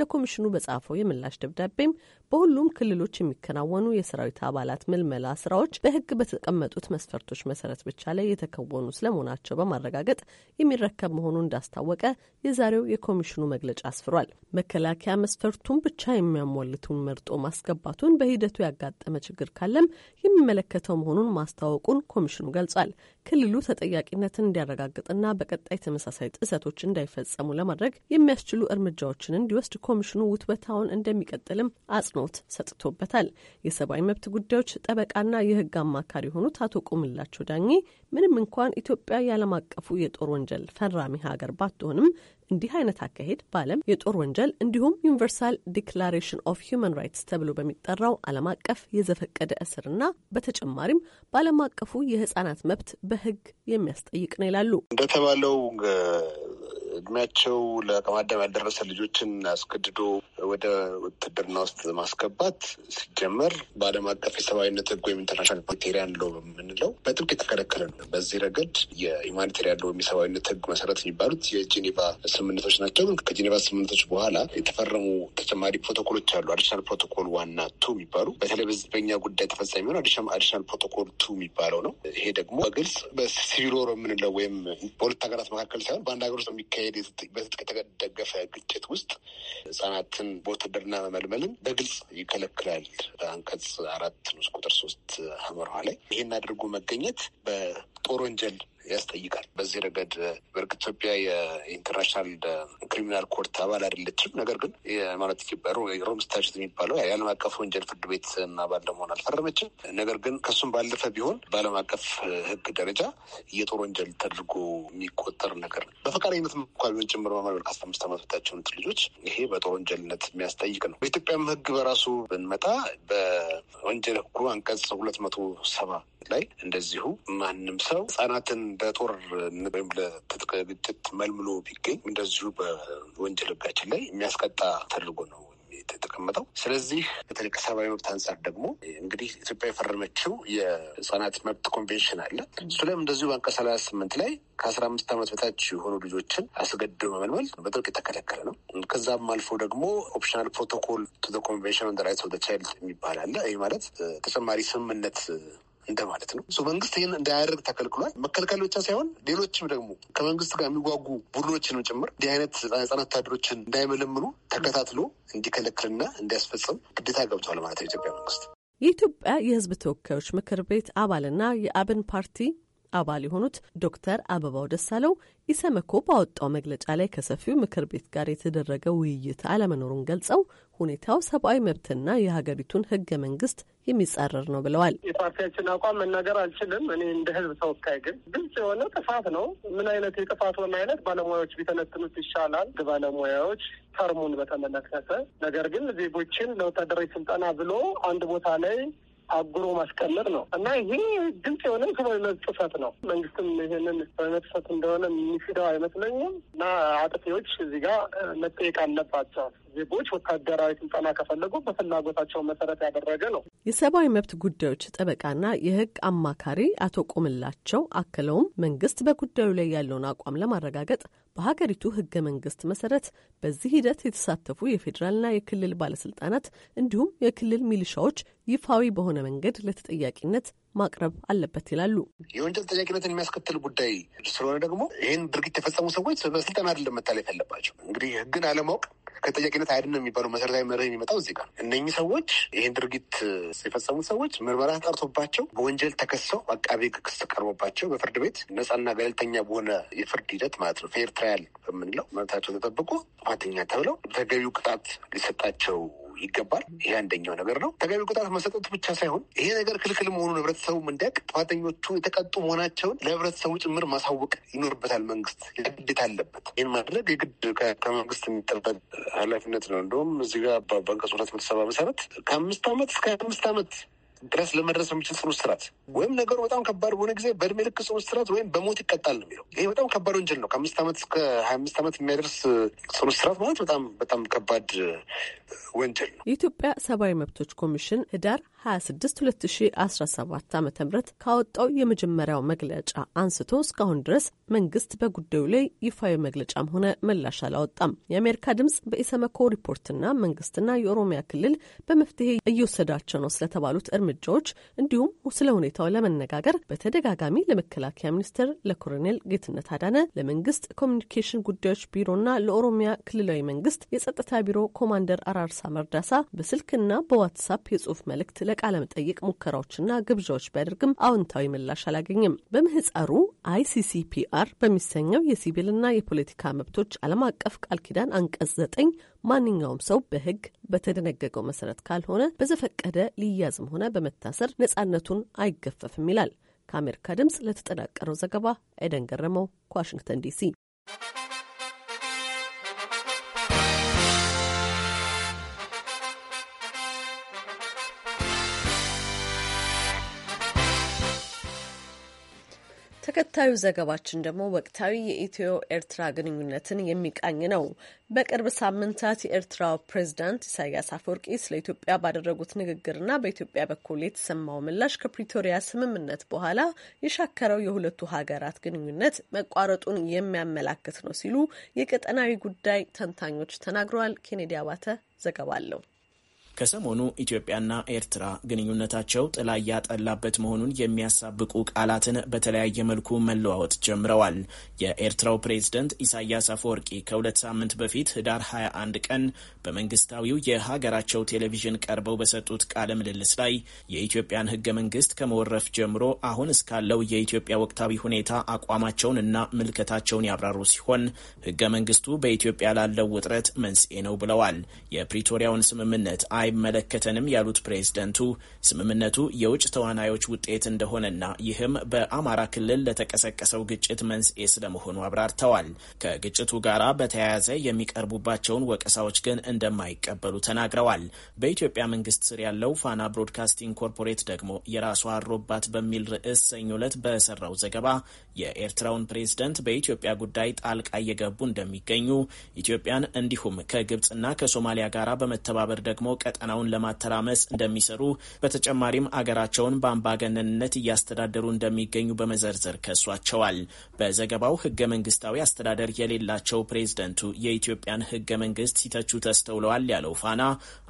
ለኮሚሽኑ በጻፈው የምላሽ ደብዳቤም በሁሉም ክልሎች የሚከናወኑ የሰራዊት አባላት ምልመላ ስራዎች በህግ በተቀመጡት መስፈርቶች መሰረት ብቻ ላይ የተከወኑ ስለመሆናቸው በማረጋገጥ የሚረከብ መሆኑን እንዳስታወቀ የዛሬው የኮሚሽኑ መግለጫ አስፍሯል። መከላከያ መስፈርቱን ብቻ የሚያሟልቱን መርጦ ማስገባቱን በሂደቱ ያጋጠመ ችግር ካለም የሚመለከተው መሆኑን ማስታወቁን ኮሚሽኑ ገልጿል። ክልሉ ተጠያቂነትን እንዲያረጋግጥና በቀጣይ ተመሳሳይ ጥሰቶች እንዳይፈጸሙ ለማድረግ የሚያስችሉ እርምጃዎችን እንዲወስድ ኮሚሽኑ ውትበታውን እንደሚቀጥልም አጽንኦት ሰጥቶበታል። የሰብአዊ መብት ጉዳዮች ጠበቃና የህግ አማካሪ የሆኑት አቶ ቁምላቸው ዳኜ ምንም እንኳን ኢትዮጵያ የዓለም አቀፉ የጦር ወንጀል ፈራሚ ሀገር ባትሆንም እንዲህ አይነት አካሄድ በዓለም የጦር ወንጀል እንዲሁም ዩኒቨርሳል ዲክላሬሽን ኦፍ ሁማን ራይትስ ተብሎ በሚጠራው ዓለም አቀፍ የዘፈቀደ እስርና በተጨማሪም በዓለም አቀፉ የህጻናት መብት በህግ የሚያስጠይቅ ነው ይላሉ። እንደተባለው እድሜያቸው ለአቅመ አዳም ያልደረሰ ልጆችን አስገድዶ ወደ ውትድርና ውስጥ ማስገባት ሲጀመር በዓለም አቀፍ የሰብአዊነት ህግ ወይም ኢንተርናሽናል ሁማኒቴሪያን ሎ የምንለው በጥብቅ የተከለከለ ነው። በዚህ ረገድ የሁማኒቴሪያን ሎ የሰብአዊነት ህግ መሰረት የሚባሉት የጄኔቫ ስምምነቶች ናቸው። ግን ከጄኔቫ ስምምነቶች በኋላ የተፈረሙ ተጨማሪ ፕሮቶኮሎች አሉ። አዲሽናል ፕሮቶኮል ዋና ቱ የሚባሉ በተለይ በዚህ በኛ ጉዳይ ተፈጻሚ የሚሆነ አዲሽናል ፕሮቶኮል ቱ የሚባለው ነው። ይሄ ደግሞ በግልጽ በሲቪል ወር የምንለው ወይም በሁለት ሀገራት መካከል ሳይሆን በአንድ ሀገር ውስጥ የሚካሄድ በትጥቅ የተደገፈ ግጭት ውስጥ ህጻናትን በውትድርና መመልመልን በግልጽ ይከለክላል። በአንቀጽ አራት ንዑስ ቁጥር ሶስት አመርኋ ላይ ይህን አድርጎ መገኘት በጦር ወንጀል ያስጠይቃል። በዚህ ረገድ በእርግጥ ኢትዮጵያ የኢንተርናሽናል ክሪሚናል ኮርት አባል አይደለችም። ነገር ግን ማለት ሮም ስታችት የሚባለው የዓለም አቀፍ ወንጀል ፍርድ ቤት አባል ለመሆን አልፈረመችም። ነገር ግን ከሱም ባለፈ ቢሆን በዓለም አቀፍ ሕግ ደረጃ የጦር ወንጀል ተደርጎ የሚቆጠር ነገር ነው። በፈቃደኝነት ኳቢሆን ጭምር በማድረግ ከአስራ አምስት ዓመት በታች የሆኑት ልጆች ይሄ በጦር ወንጀልነት የሚያስጠይቅ ነው። በኢትዮጵያም ሕግ በራሱ ብንመጣ በወንጀል ሕጉ አንቀጽ ሁለት መቶ ሰባ ላይ እንደዚሁ ማንም ሰው ህጻናትን እንደ ወይም ለትጥቅ ግጭት መልምሎ ቢገኝ እንደዚሁ በወንጀል ሕጋችን ላይ የሚያስቀጣ ተደርጎ ነው የተቀመጠው። ስለዚህ በተለይ ከሰብአዊ መብት አንጻር ደግሞ እንግዲህ ኢትዮጵያ የፈረመችው የህጻናት መብት ኮንቬንሽን አለ። እሱ ላይም እንደዚሁ በአንቀጽ ሰላሳ ስምንት ላይ ከአስራ አምስት ዓመት በታች የሆኑ ልጆችን አስገድዶ መመልመል በጥብቅ የተከለከለ ነው። ከዛም አልፎ ደግሞ ኦፕሽናል ፕሮቶኮል ቱ ኮንቬንሽን ኦን ራይትስ ኦፍ ቻይልድ የሚባል አለ። ይህ ማለት ተጨማሪ ስምምነት እንደማለት ነው። መንግስት ይህን እንዳያደርግ ተከልክሏል። መከልከል ብቻ ሳይሆን ሌሎችም ደግሞ ከመንግስት ጋር የሚጓጉ ቡድኖችንም ጭምር እንዲህ አይነት ህጻናት ወታደሮችን እንዳይመለምሉ ተከታትሎ እንዲከለክልና እንዲያስፈጽም ግዴታ ገብቷል ማለት ነው የኢትዮጵያ መንግስት። የኢትዮጵያ የህዝብ ተወካዮች ምክር ቤት አባልና የአብን ፓርቲ አባል የሆኑት ዶክተር አበባው ደሳለው ኢሰመኮ ባወጣው መግለጫ ላይ ከሰፊው ምክር ቤት ጋር የተደረገ ውይይት አለመኖሩን ገልጸው ሁኔታው ሰብአዊ መብትና የሀገሪቱን ህገ መንግስት የሚጻረር ነው ብለዋል። የፓርቲያችን አቋም መናገር አልችልም። እኔ እንደ ህዝብ ተወካይ ግን ግልጽ የሆነ ጥፋት ነው። ምን አይነት የጥፋት ሆነ አይነት ባለሙያዎች ቢተነትኑት ይሻላል። ባለሙያዎች ተርሙን በተመለከተ ነገር ግን ዜጎችን ለወታደራዊ ስልጠና ብሎ አንድ ቦታ ላይ አጉሮ ማስቀመጥ ነው እና ይሄ ግልጽ የሆነ ሰብአዊ መብት ጥሰት ነው። መንግስትም ይህንን ሰብአዊ መብት ጥሰት እንደሆነ የሚክደው አይመስለኝም እና አጥፊዎች እዚህ ጋር መጠየቅ አለባቸው። ዜጎች ወታደራዊ ስልጠና ከፈለጉ በፍላጎታቸው መሰረት ያደረገ ነው። የሰብአዊ መብት ጉዳዮች ጠበቃና የህግ አማካሪ አቶ ቆምላቸው አክለውም መንግስት በጉዳዩ ላይ ያለውን አቋም ለማረጋገጥ በሀገሪቱ ህገ መንግስት መሰረት በዚህ ሂደት የተሳተፉ የፌዴራልና የክልል ባለስልጣናት እንዲሁም የክልል ሚሊሻዎች ይፋዊ በሆነ መንገድ ለተጠያቂነት ማቅረብ አለበት ይላሉ። የወንጀል ተጠያቂነትን የሚያስከትል ጉዳይ ስለሆነ ደግሞ ይህን ድርጊት የፈጸሙ ሰዎች በስልጠና አይደለም መታለፍ ያለባቸው። እንግዲህ ህግን አለማወቅ ከተጠያቂነት አይድንም የሚባለው መሰረታዊ መርህ የሚመጣው እዚህ ጋር እነኚህ ሰዎች ይህን ድርጊት የፈጸሙት ሰዎች ምርመራ ተጣርቶባቸው በወንጀል ተከሰው አቃቤ ሕግ ክስ ቀርቦባቸው በፍርድ ቤት ነጻና ገለልተኛ በሆነ የፍርድ ሂደት ማለት ነው ፌር ትራያል በምንለው መብታቸው ተጠብቆ ጥፋተኛ ተብለው ተገቢው ቅጣት ሊሰጣቸው ይገባል። ይሄ አንደኛው ነገር ነው። ተገቢ ቅጣት መሰጠቱ ብቻ ሳይሆን ይሄ ነገር ክልክል መሆኑን ህብረተሰቡ እንዳያውቅ ጥፋተኞቹ የተቀጡ መሆናቸውን ለህብረተሰቡ ጭምር ማሳወቅ ይኖርበታል። መንግስት ግዴታ አለበት። ይህን ማድረግ የግድ ከመንግስት የሚጠበቅ ኃላፊነት ነው። እንደውም እዚህ ጋር በአንቀጽ ሁለት መቶ ሰባ መሰረት ከአምስት አመት እስከ አምስት አመት ድረስ ለመድረስ የሚችል ጽኑ እስራት ወይም ነገሩ በጣም ከባድ በሆነ ጊዜ በእድሜ ልክ ጽኑ እስራት ወይም በሞት ይቀጣል ነው የሚለው። ይሄ በጣም ከባድ ወንጀል ነው። ከአምስት ዓመት እስከ ሀያ አምስት ዓመት የሚያደርስ ጽኑ እስራት ማለት በጣም በጣም ከባድ ወንጀል ነው። የኢትዮጵያ ሰብአዊ መብቶች ኮሚሽን ህዳር 26 2017 ዓ ም ካወጣው የመጀመሪያው መግለጫ አንስቶ እስካሁን ድረስ መንግስት በጉዳዩ ላይ ይፋዊ መግለጫም ሆነ ምላሽ አላወጣም። የአሜሪካ ድምጽ በኢሰመኮ ሪፖርትና መንግስትና የኦሮሚያ ክልል በመፍትሄ እየወሰዳቸው ነው ስለተባሉት እርምጃዎች እንዲሁም ስለ ሁኔታው ለመነጋገር በተደጋጋሚ ለመከላከያ ሚኒስቴር፣ ለኮሎኔል ጌትነት አዳነ፣ ለመንግስት ኮሚኒኬሽን ጉዳዮች ቢሮና ለኦሮሚያ ክልላዊ መንግስት የጸጥታ ቢሮ ኮማንደር አራርሳ መርዳሳ በስልክና በዋትሳፕ የጽሁፍ መልእክት ለቃለመጠይቅ ሙከራዎችና ግብዣዎች ቢያደርግም አዎንታዊ ምላሽ አላገኝም። በምህፃሩ አይሲሲፒአር በሚሰኘው የሲቪልና የፖለቲካ መብቶች ዓለም አቀፍ ቃል ኪዳን አንቀጽ ዘጠኝ ማንኛውም ሰው በህግ በተደነገገው መሰረት ካልሆነ በዘፈቀደ ሊያዝም ሆነ በመታሰር ነጻነቱን አይገፈፍም ይላል። ከአሜሪካ ድምፅ ለተጠናቀረው ዘገባ ኤደን ገረመው ከዋሽንግተን ዲሲ። ተከታዩ ዘገባችን ደግሞ ወቅታዊ የኢትዮ ኤርትራ ግንኙነትን የሚቃኝ ነው። በቅርብ ሳምንታት የኤርትራው ፕሬዚዳንት ኢሳያስ አፈወርቂ ስለ ኢትዮጵያ ባደረጉት ንግግርና በኢትዮጵያ በኩል የተሰማው ምላሽ ከፕሪቶሪያ ስምምነት በኋላ የሻከረው የሁለቱ ሀገራት ግንኙነት መቋረጡን የሚያመላክት ነው ሲሉ የቀጠናዊ ጉዳይ ተንታኞች ተናግረዋል። ኬኔዲ አባተ ዘገባ አለው። ከሰሞኑ ኢትዮጵያና ኤርትራ ግንኙነታቸው ጥላ እያጠላበት መሆኑን የሚያሳብቁ ቃላትን በተለያየ መልኩ መለዋወጥ ጀምረዋል። የኤርትራው ፕሬዝደንት ኢሳያስ አፈወርቂ ከሁለት ሳምንት በፊት ህዳር 21 ቀን በመንግስታዊው የሀገራቸው ቴሌቪዥን ቀርበው በሰጡት ቃለ ምልልስ ላይ የኢትዮጵያን ህገ መንግስት ከመወረፍ ጀምሮ አሁን እስካለው የኢትዮጵያ ወቅታዊ ሁኔታ አቋማቸውን እና ምልከታቸውን ያብራሩ ሲሆን ህገ መንግስቱ በኢትዮጵያ ላለው ውጥረት መንስኤ ነው ብለዋል። የፕሪቶሪያውን ስምምነት አይመለከተንም ያሉት ፕሬዝደንቱ ስምምነቱ የውጭ ተዋናዮች ውጤት እንደሆነና ይህም በአማራ ክልል ለተቀሰቀሰው ግጭት መንስኤ ስለመሆኑ አብራርተዋል። ከግጭቱ ጋር በተያያዘ የሚቀርቡባቸውን ወቀሳዎች ግን እንደማይቀበሉ ተናግረዋል። በኢትዮጵያ መንግስት ስር ያለው ፋና ብሮድካስቲንግ ኮርፖሬት ደግሞ የራሱ አሮባት በሚል ርዕስ ሰኞ ዕለት በሰራው ዘገባ የኤርትራውን ፕሬዝደንት በኢትዮጵያ ጉዳይ ጣልቃ እየገቡ እንደሚገኙ ኢትዮጵያን እንዲሁም ከግብፅና ከሶማሊያ ጋር በመተባበር ደግሞ ቀ ቀጠናውን ለማተራመስ እንደሚሰሩ በተጨማሪም አገራቸውን በአምባገነንነት እያስተዳደሩ እንደሚገኙ በመዘርዘር ከሷቸዋል። በዘገባው ህገ መንግስታዊ አስተዳደር የሌላቸው ፕሬዝደንቱ የኢትዮጵያን ህገ መንግስት ሲተቹ ተስተውለዋል ያለው ፋና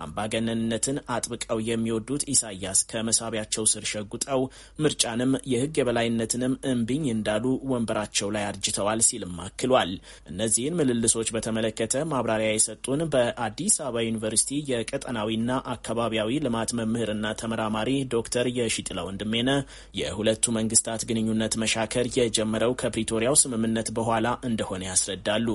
አምባገነንነትን አጥብቀው የሚወዱት ኢሳያስ ከመሳቢያቸው ስር ሸጉጠው ምርጫንም የህግ የበላይነትንም እምቢኝ እንዳሉ ወንበራቸው ላይ አርጅተዋል ሲልም አክሏል። እነዚህን ምልልሶች በተመለከተ ማብራሪያ የሰጡን በአዲስ አበባ ዩኒቨርሲቲ የቀጠናዊ ማህበራዊና አካባቢያዊ ልማት መምህርና ተመራማሪ ዶክተር የሺጥላ ወንድሜነ የሁለቱ መንግስታት ግንኙነት መሻከር የጀመረው ከፕሪቶሪያው ስምምነት በኋላ እንደሆነ ያስረዳሉ።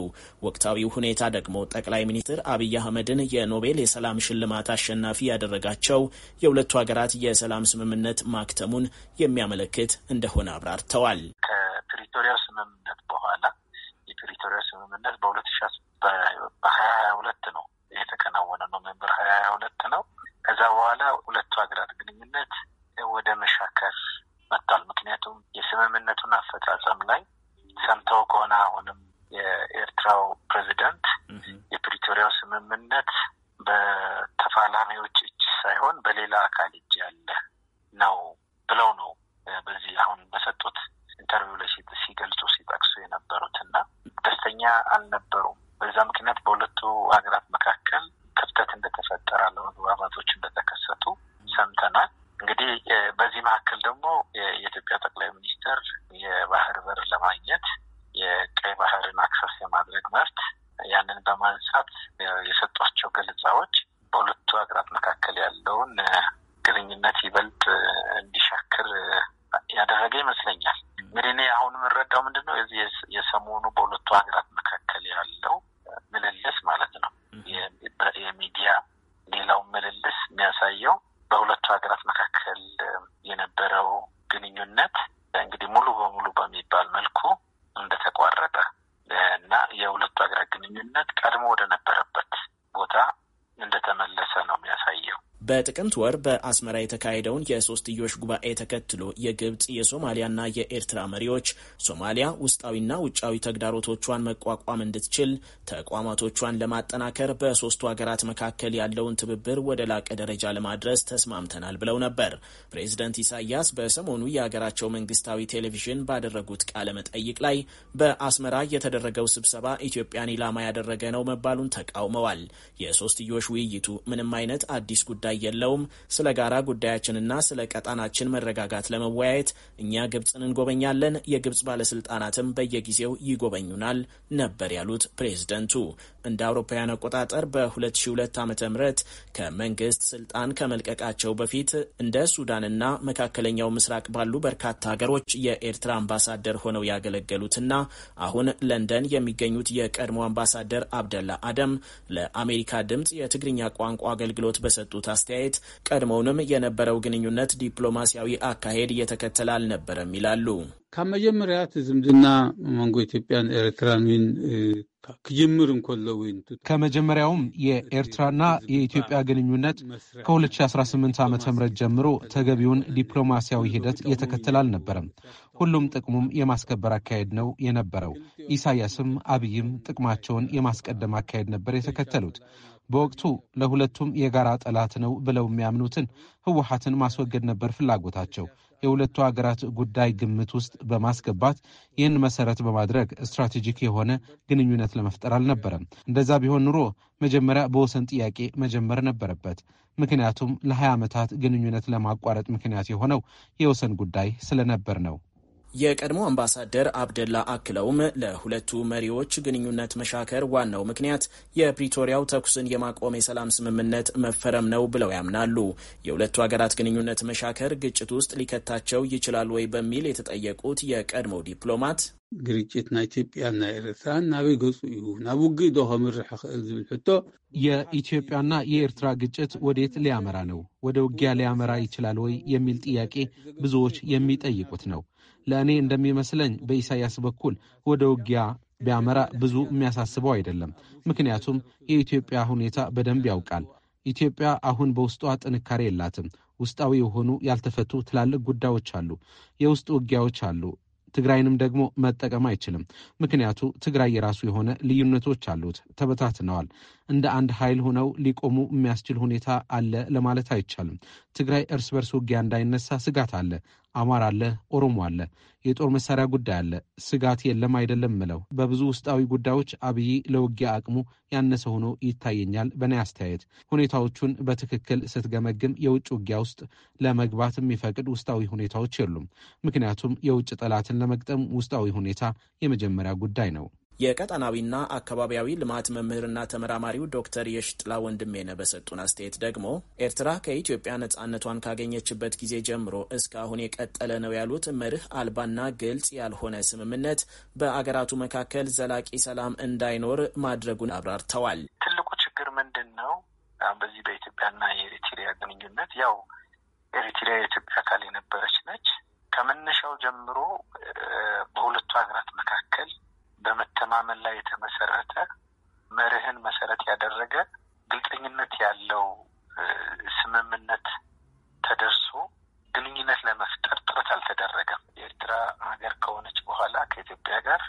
ወቅታዊው ሁኔታ ደግሞ ጠቅላይ ሚኒስትር አብይ አህመድን የኖቤል የሰላም ሽልማት አሸናፊ ያደረጋቸው የሁለቱ ሀገራት የሰላም ስምምነት ማክተሙን የሚያመለክት እንደሆነ አብራርተዋል። ከፕሪቶሪያው ስምምነት በኋላ የፕሪቶሪያው ስምምነት በሁለት ሺ በሀያ ሁለት ነው የተከናወነ ኖቬምበር ሀያ ሁለት ነው። ከዛ በኋላ ሁለቱ ሀገራት ግንኙነት ወደ መሻከር መጥቷል። ምክንያቱም የስምምነቱን አፈጻጸም ላይ ሰምተው ከሆነ አሁንም የኤርትራው ፕሬዚደንት የፕሪቶሪያው ስምምነት በተፋላሚዎች እጅ ሳይሆን በሌላ አካል እጅ ያለ ነው ብለው ነው በዚህ አሁን በሰጡት ኢንተርቪው ላይ ሲገልጹ ሲጠቅሱ የነበሩት እና ደስተኛ አልነበሩም። በዛ ምክንያት በሁለቱ ሀገራት መካከል ክፍተት እንደተፈጠረ አለመግባባቶች እንደተከሰቱ ሰምተናል። እንግዲህ በዚህ መካከል ደግሞ የኢትዮጵያ ጠቅላይ ሚኒስትር የባህር በር ለማግኘት የቀይ ባህርን አክሰስ የማድረግ መብት ያንን በማንሳት የሰጧቸው ገለጻዎች በሁለቱ ሀገራት መካከል ያለውን ግንኙነት ይበልጥ እንዲሻክር ያደረገ ይመስለኛል። እንግዲህ እኔ አሁን የምንረዳው ምንድን ነው የዚህ የሰሞኑ በሁለቱ ሀገራት መካከል ያለው ምልልስ ማለት ነው የሚዲያ ሌላው ምልልስ የሚያሳየው በሁለቱ ሀገራት መካከል የነበረው ግንኙነት እንግዲህ ሙሉ በሙሉ በሚባል መልኩ እንደተቋረጠ እና የሁለቱ ሀገራት ግንኙነት ቀድሞ ወደ ነበረበት ቦታ እንደተመለሰ ነው የሚያሳየው። በጥቅምት ወር በአስመራ የተካሄደውን የሶስትዮሽ ጉባኤ ተከትሎ የግብፅ የሶማሊያና የኤርትራ መሪዎች ሶማሊያ ውስጣዊና ውጫዊ ተግዳሮቶቿን መቋቋም እንድትችል ተቋማቶቿን ለማጠናከር በሶስቱ ሀገራት መካከል ያለውን ትብብር ወደ ላቀ ደረጃ ለማድረስ ተስማምተናል ብለው ነበር። ፕሬዚደንት ኢሳያስ በሰሞኑ የሀገራቸው መንግስታዊ ቴሌቪዥን ባደረጉት ቃለ መጠይቅ ላይ በአስመራ የተደረገው ስብሰባ ኢትዮጵያን ኢላማ ያደረገ ነው መባሉን ተቃውመዋል። የሶስትዮሽ ውይይቱ ምንም አይነት አዲስ ጉዳይ ጉዳይ የለውም። ስለ ጋራ ጉዳያችንና ስለ ቀጣናችን መረጋጋት ለመወያየት እኛ ግብፅን እንጎበኛለን፣ የግብፅ ባለስልጣናትም በየጊዜው ይጎበኙናል ነበር ያሉት ፕሬዝደንቱ። እንደ አውሮፓውያን አቆጣጠር በ2002 ዓ ም ከመንግስት ስልጣን ከመልቀቃቸው በፊት እንደ ሱዳንና መካከለኛው ምስራቅ ባሉ በርካታ ሀገሮች የኤርትራ አምባሳደር ሆነው ያገለገሉትና አሁን ለንደን የሚገኙት የቀድሞ አምባሳደር አብደላ አደም ለአሜሪካ ድምፅ የትግርኛ ቋንቋ አገልግሎት በሰጡት አስተያየት ቀድሞውንም የነበረው ግንኙነት ዲፕሎማሲያዊ አካሄድ እየተከተለ አልነበረም ይላሉ። ካብ መጀመርያ እቲ ዝምድና መንጎ ኢትዮጵያን ኤርትራን ውን ክጅምር እንከሎ ከመጀመርያውም የኤርትራና የኢትዮጵያ ግንኙነት ከ2018 ዓ ም ጀምሮ ተገቢውን ዲፕሎማሲያዊ ሂደት የተከተል አልነበረም። ሁሉም ጥቅሙም የማስከበር አካሄድ ነው የነበረው። ኢሳያስም አብይም ጥቅማቸውን የማስቀደም አካሄድ ነበር የተከተሉት። በወቅቱ ለሁለቱም የጋራ ጠላት ነው ብለው የሚያምኑትን ህወሓትን ማስወገድ ነበር ፍላጎታቸው። የሁለቱ ሀገራት ጉዳይ ግምት ውስጥ በማስገባት ይህን መሰረት በማድረግ ስትራቴጂክ የሆነ ግንኙነት ለመፍጠር አልነበረም። እንደዛ ቢሆን ኑሮ መጀመሪያ በወሰን ጥያቄ መጀመር ነበረበት። ምክንያቱም ለ20 ዓመታት ግንኙነት ለማቋረጥ ምክንያት የሆነው የወሰን ጉዳይ ስለነበር ነው። የቀድሞ አምባሳደር አብደላ አክለውም ለሁለቱ መሪዎች ግንኙነት መሻከር ዋናው ምክንያት የፕሪቶሪያው ተኩስን የማቆም የሰላም ስምምነት መፈረም ነው ብለው ያምናሉ። የሁለቱ ሀገራት ግንኙነት መሻከር ግጭት ውስጥ ሊከታቸው ይችላል ወይ በሚል የተጠየቁት የቀድሞ ዲፕሎማት ግርጭት ናይ ኢትዮጵያን ናይ ናበይ ገፁ እዩ ናብ ውግእ ዶ ከምርሕ ክእል ዝብል ሕቶ የኢትዮጵያና የኤርትራ ግጭት ወዴት ሊያመራ ነው? ወደ ውጊያ ሊያመራ ይችላል ወይ የሚል ጥያቄ ብዙዎች የሚጠይቁት ነው። ለእኔ እንደሚመስለኝ በኢሳያስ በኩል ወደ ውጊያ ቢያመራ ብዙ የሚያሳስበው አይደለም። ምክንያቱም የኢትዮጵያ ሁኔታ በደንብ ያውቃል። ኢትዮጵያ አሁን በውስጧ ጥንካሬ የላትም። ውስጣዊ የሆኑ ያልተፈቱ ትላልቅ ጉዳዮች አሉ። የውስጥ ውጊያዎች አሉ። ትግራይንም ደግሞ መጠቀም አይችልም። ምክንያቱ ትግራይ የራሱ የሆነ ልዩነቶች አሉት። ተበታትነዋል። እንደ አንድ ኃይል ሆነው ሊቆሙ የሚያስችል ሁኔታ አለ ለማለት አይቻልም። ትግራይ እርስ በርስ ውጊያ እንዳይነሳ ስጋት አለ። አማራ አለ፣ ኦሮሞ አለ፣ የጦር መሳሪያ ጉዳይ አለ። ስጋት የለም አይደለም ምለው በብዙ ውስጣዊ ጉዳዮች አብይ ለውጊያ አቅሙ ያነሰ ሆኖ ይታየኛል። በኔ አስተያየት ሁኔታዎቹን በትክክል ስትገመግም የውጭ ውጊያ ውስጥ ለመግባት የሚፈቅድ ውስጣዊ ሁኔታዎች የሉም። ምክንያቱም የውጭ ጠላትን ለመግጠም ውስጣዊ ሁኔታ የመጀመሪያ ጉዳይ ነው። የቀጠናዊና አካባቢያዊ ልማት መምህርና ተመራማሪው ዶክተር የሽጥላ ወንድሜነ በሰጡን አስተያየት ደግሞ ኤርትራ ከኢትዮጵያ ነጻነቷን ካገኘችበት ጊዜ ጀምሮ እስካሁን የቀጠለ ነው ያሉት መርህ አልባና ግልጽ ያልሆነ ስምምነት በአገራቱ መካከል ዘላቂ ሰላም እንዳይኖር ማድረጉን አብራርተዋል። ትልቁ ችግር ምንድን ነው? በዚህ በኢትዮጵያና የኤሪትሪያ ግንኙነት ያው ኤሪትሪያ የኢትዮጵያ አካል የነበረች ነች። ከመነሻው ጀምሮ በሁለቱ ሀገራት መካከል በመተማመን ላይ የተመሰረተ መርህን መሰረት ያደረገ ግልጠኝነት ያለው ስምምነት ተደርሶ ግንኙነት ለመፍጠር ጥረት አልተደረገም። የኤርትራ ሀገር ከሆነች በኋላ ከኢትዮጵያ ጋር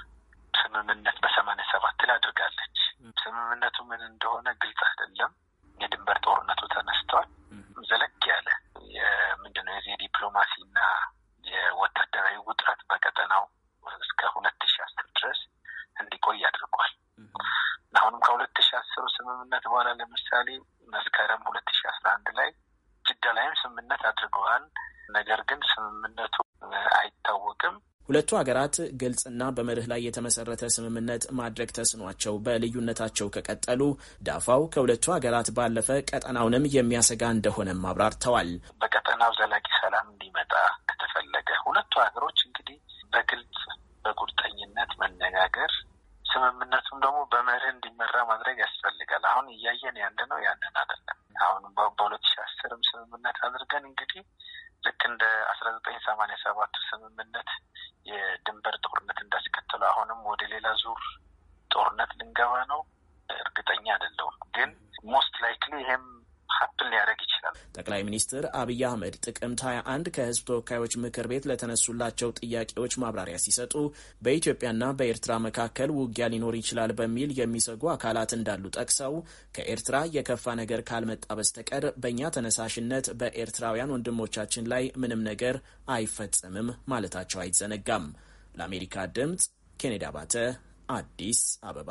ሁለቱ ሀገራት ግልጽና በመርህ ላይ የተመሰረተ ስምምነት ማድረግ ተስኗቸው በልዩነታቸው ከቀጠሉ ዳፋው ከሁለቱ ሀገራት ባለፈ ቀጠናውንም የሚያሰጋ እንደሆነም አብራርተዋል። ሚኒስትር አብይ አህመድ ጥቅምት 21 ከህዝብ ተወካዮች ምክር ቤት ለተነሱላቸው ጥያቄዎች ማብራሪያ ሲሰጡ በኢትዮጵያና በኤርትራ መካከል ውጊያ ሊኖር ይችላል በሚል የሚሰጉ አካላት እንዳሉ ጠቅሰው ከኤርትራ የከፋ ነገር ካልመጣ በስተቀር በእኛ ተነሳሽነት በኤርትራውያን ወንድሞቻችን ላይ ምንም ነገር አይፈጸምም ማለታቸው አይዘነጋም። ለአሜሪካ ድምፅ ኬኔዲ አባተ አዲስ አበባ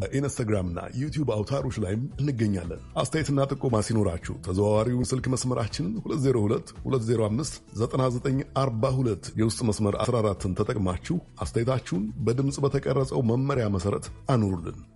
በኢንስታግራምና ዩቲዩብ አውታሮች ላይም እንገኛለን። አስተያየትና ጥቆማ ሲኖራችሁ ተዘዋዋሪውን ስልክ መስመራችን 2022059942 የውስጥ መስመር 14ን ተጠቅማችሁ አስተያየታችሁን በድምፅ በተቀረጸው መመሪያ መሰረት አኑሩልን።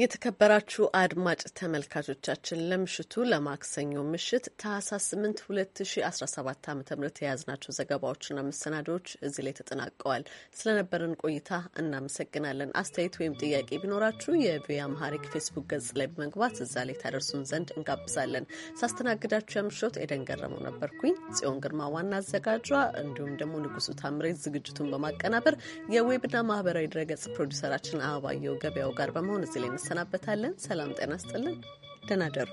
የተከበራችሁ አድማጭ ተመልካቾቻችን ለምሽቱ ለማክሰኞ ምሽት ታህሳስ 8 2017 ዓ ም የያዝናቸው ዘገባዎችና መሰናዶዎች እዚህ ላይ ተጠናቀዋል። ስለነበረን ቆይታ እናመሰግናለን። አስተያየት ወይም ጥያቄ ቢኖራችሁ የቪ አምሃሪክ ፌስቡክ ገጽ ላይ በመግባት እዛ ላይ ታደርሱን ዘንድ እንጋብዛለን። ሳስተናግዳችሁ ያምሾት ኤደን ገረመው ነበርኩኝ። ጽዮን ግርማ ዋና አዘጋጇ፣ እንዲሁም ደግሞ ንጉሱ ታምሬት ዝግጅቱን በማቀናበር የዌብና ማህበራዊ ድረገጽ ፕሮዲሰራችን አበባየው ገበያው ጋር በመሆን እዚህ ላይ እንሰናበታለን። ሰላም ጤና ስጥልን። ደህና ደሩ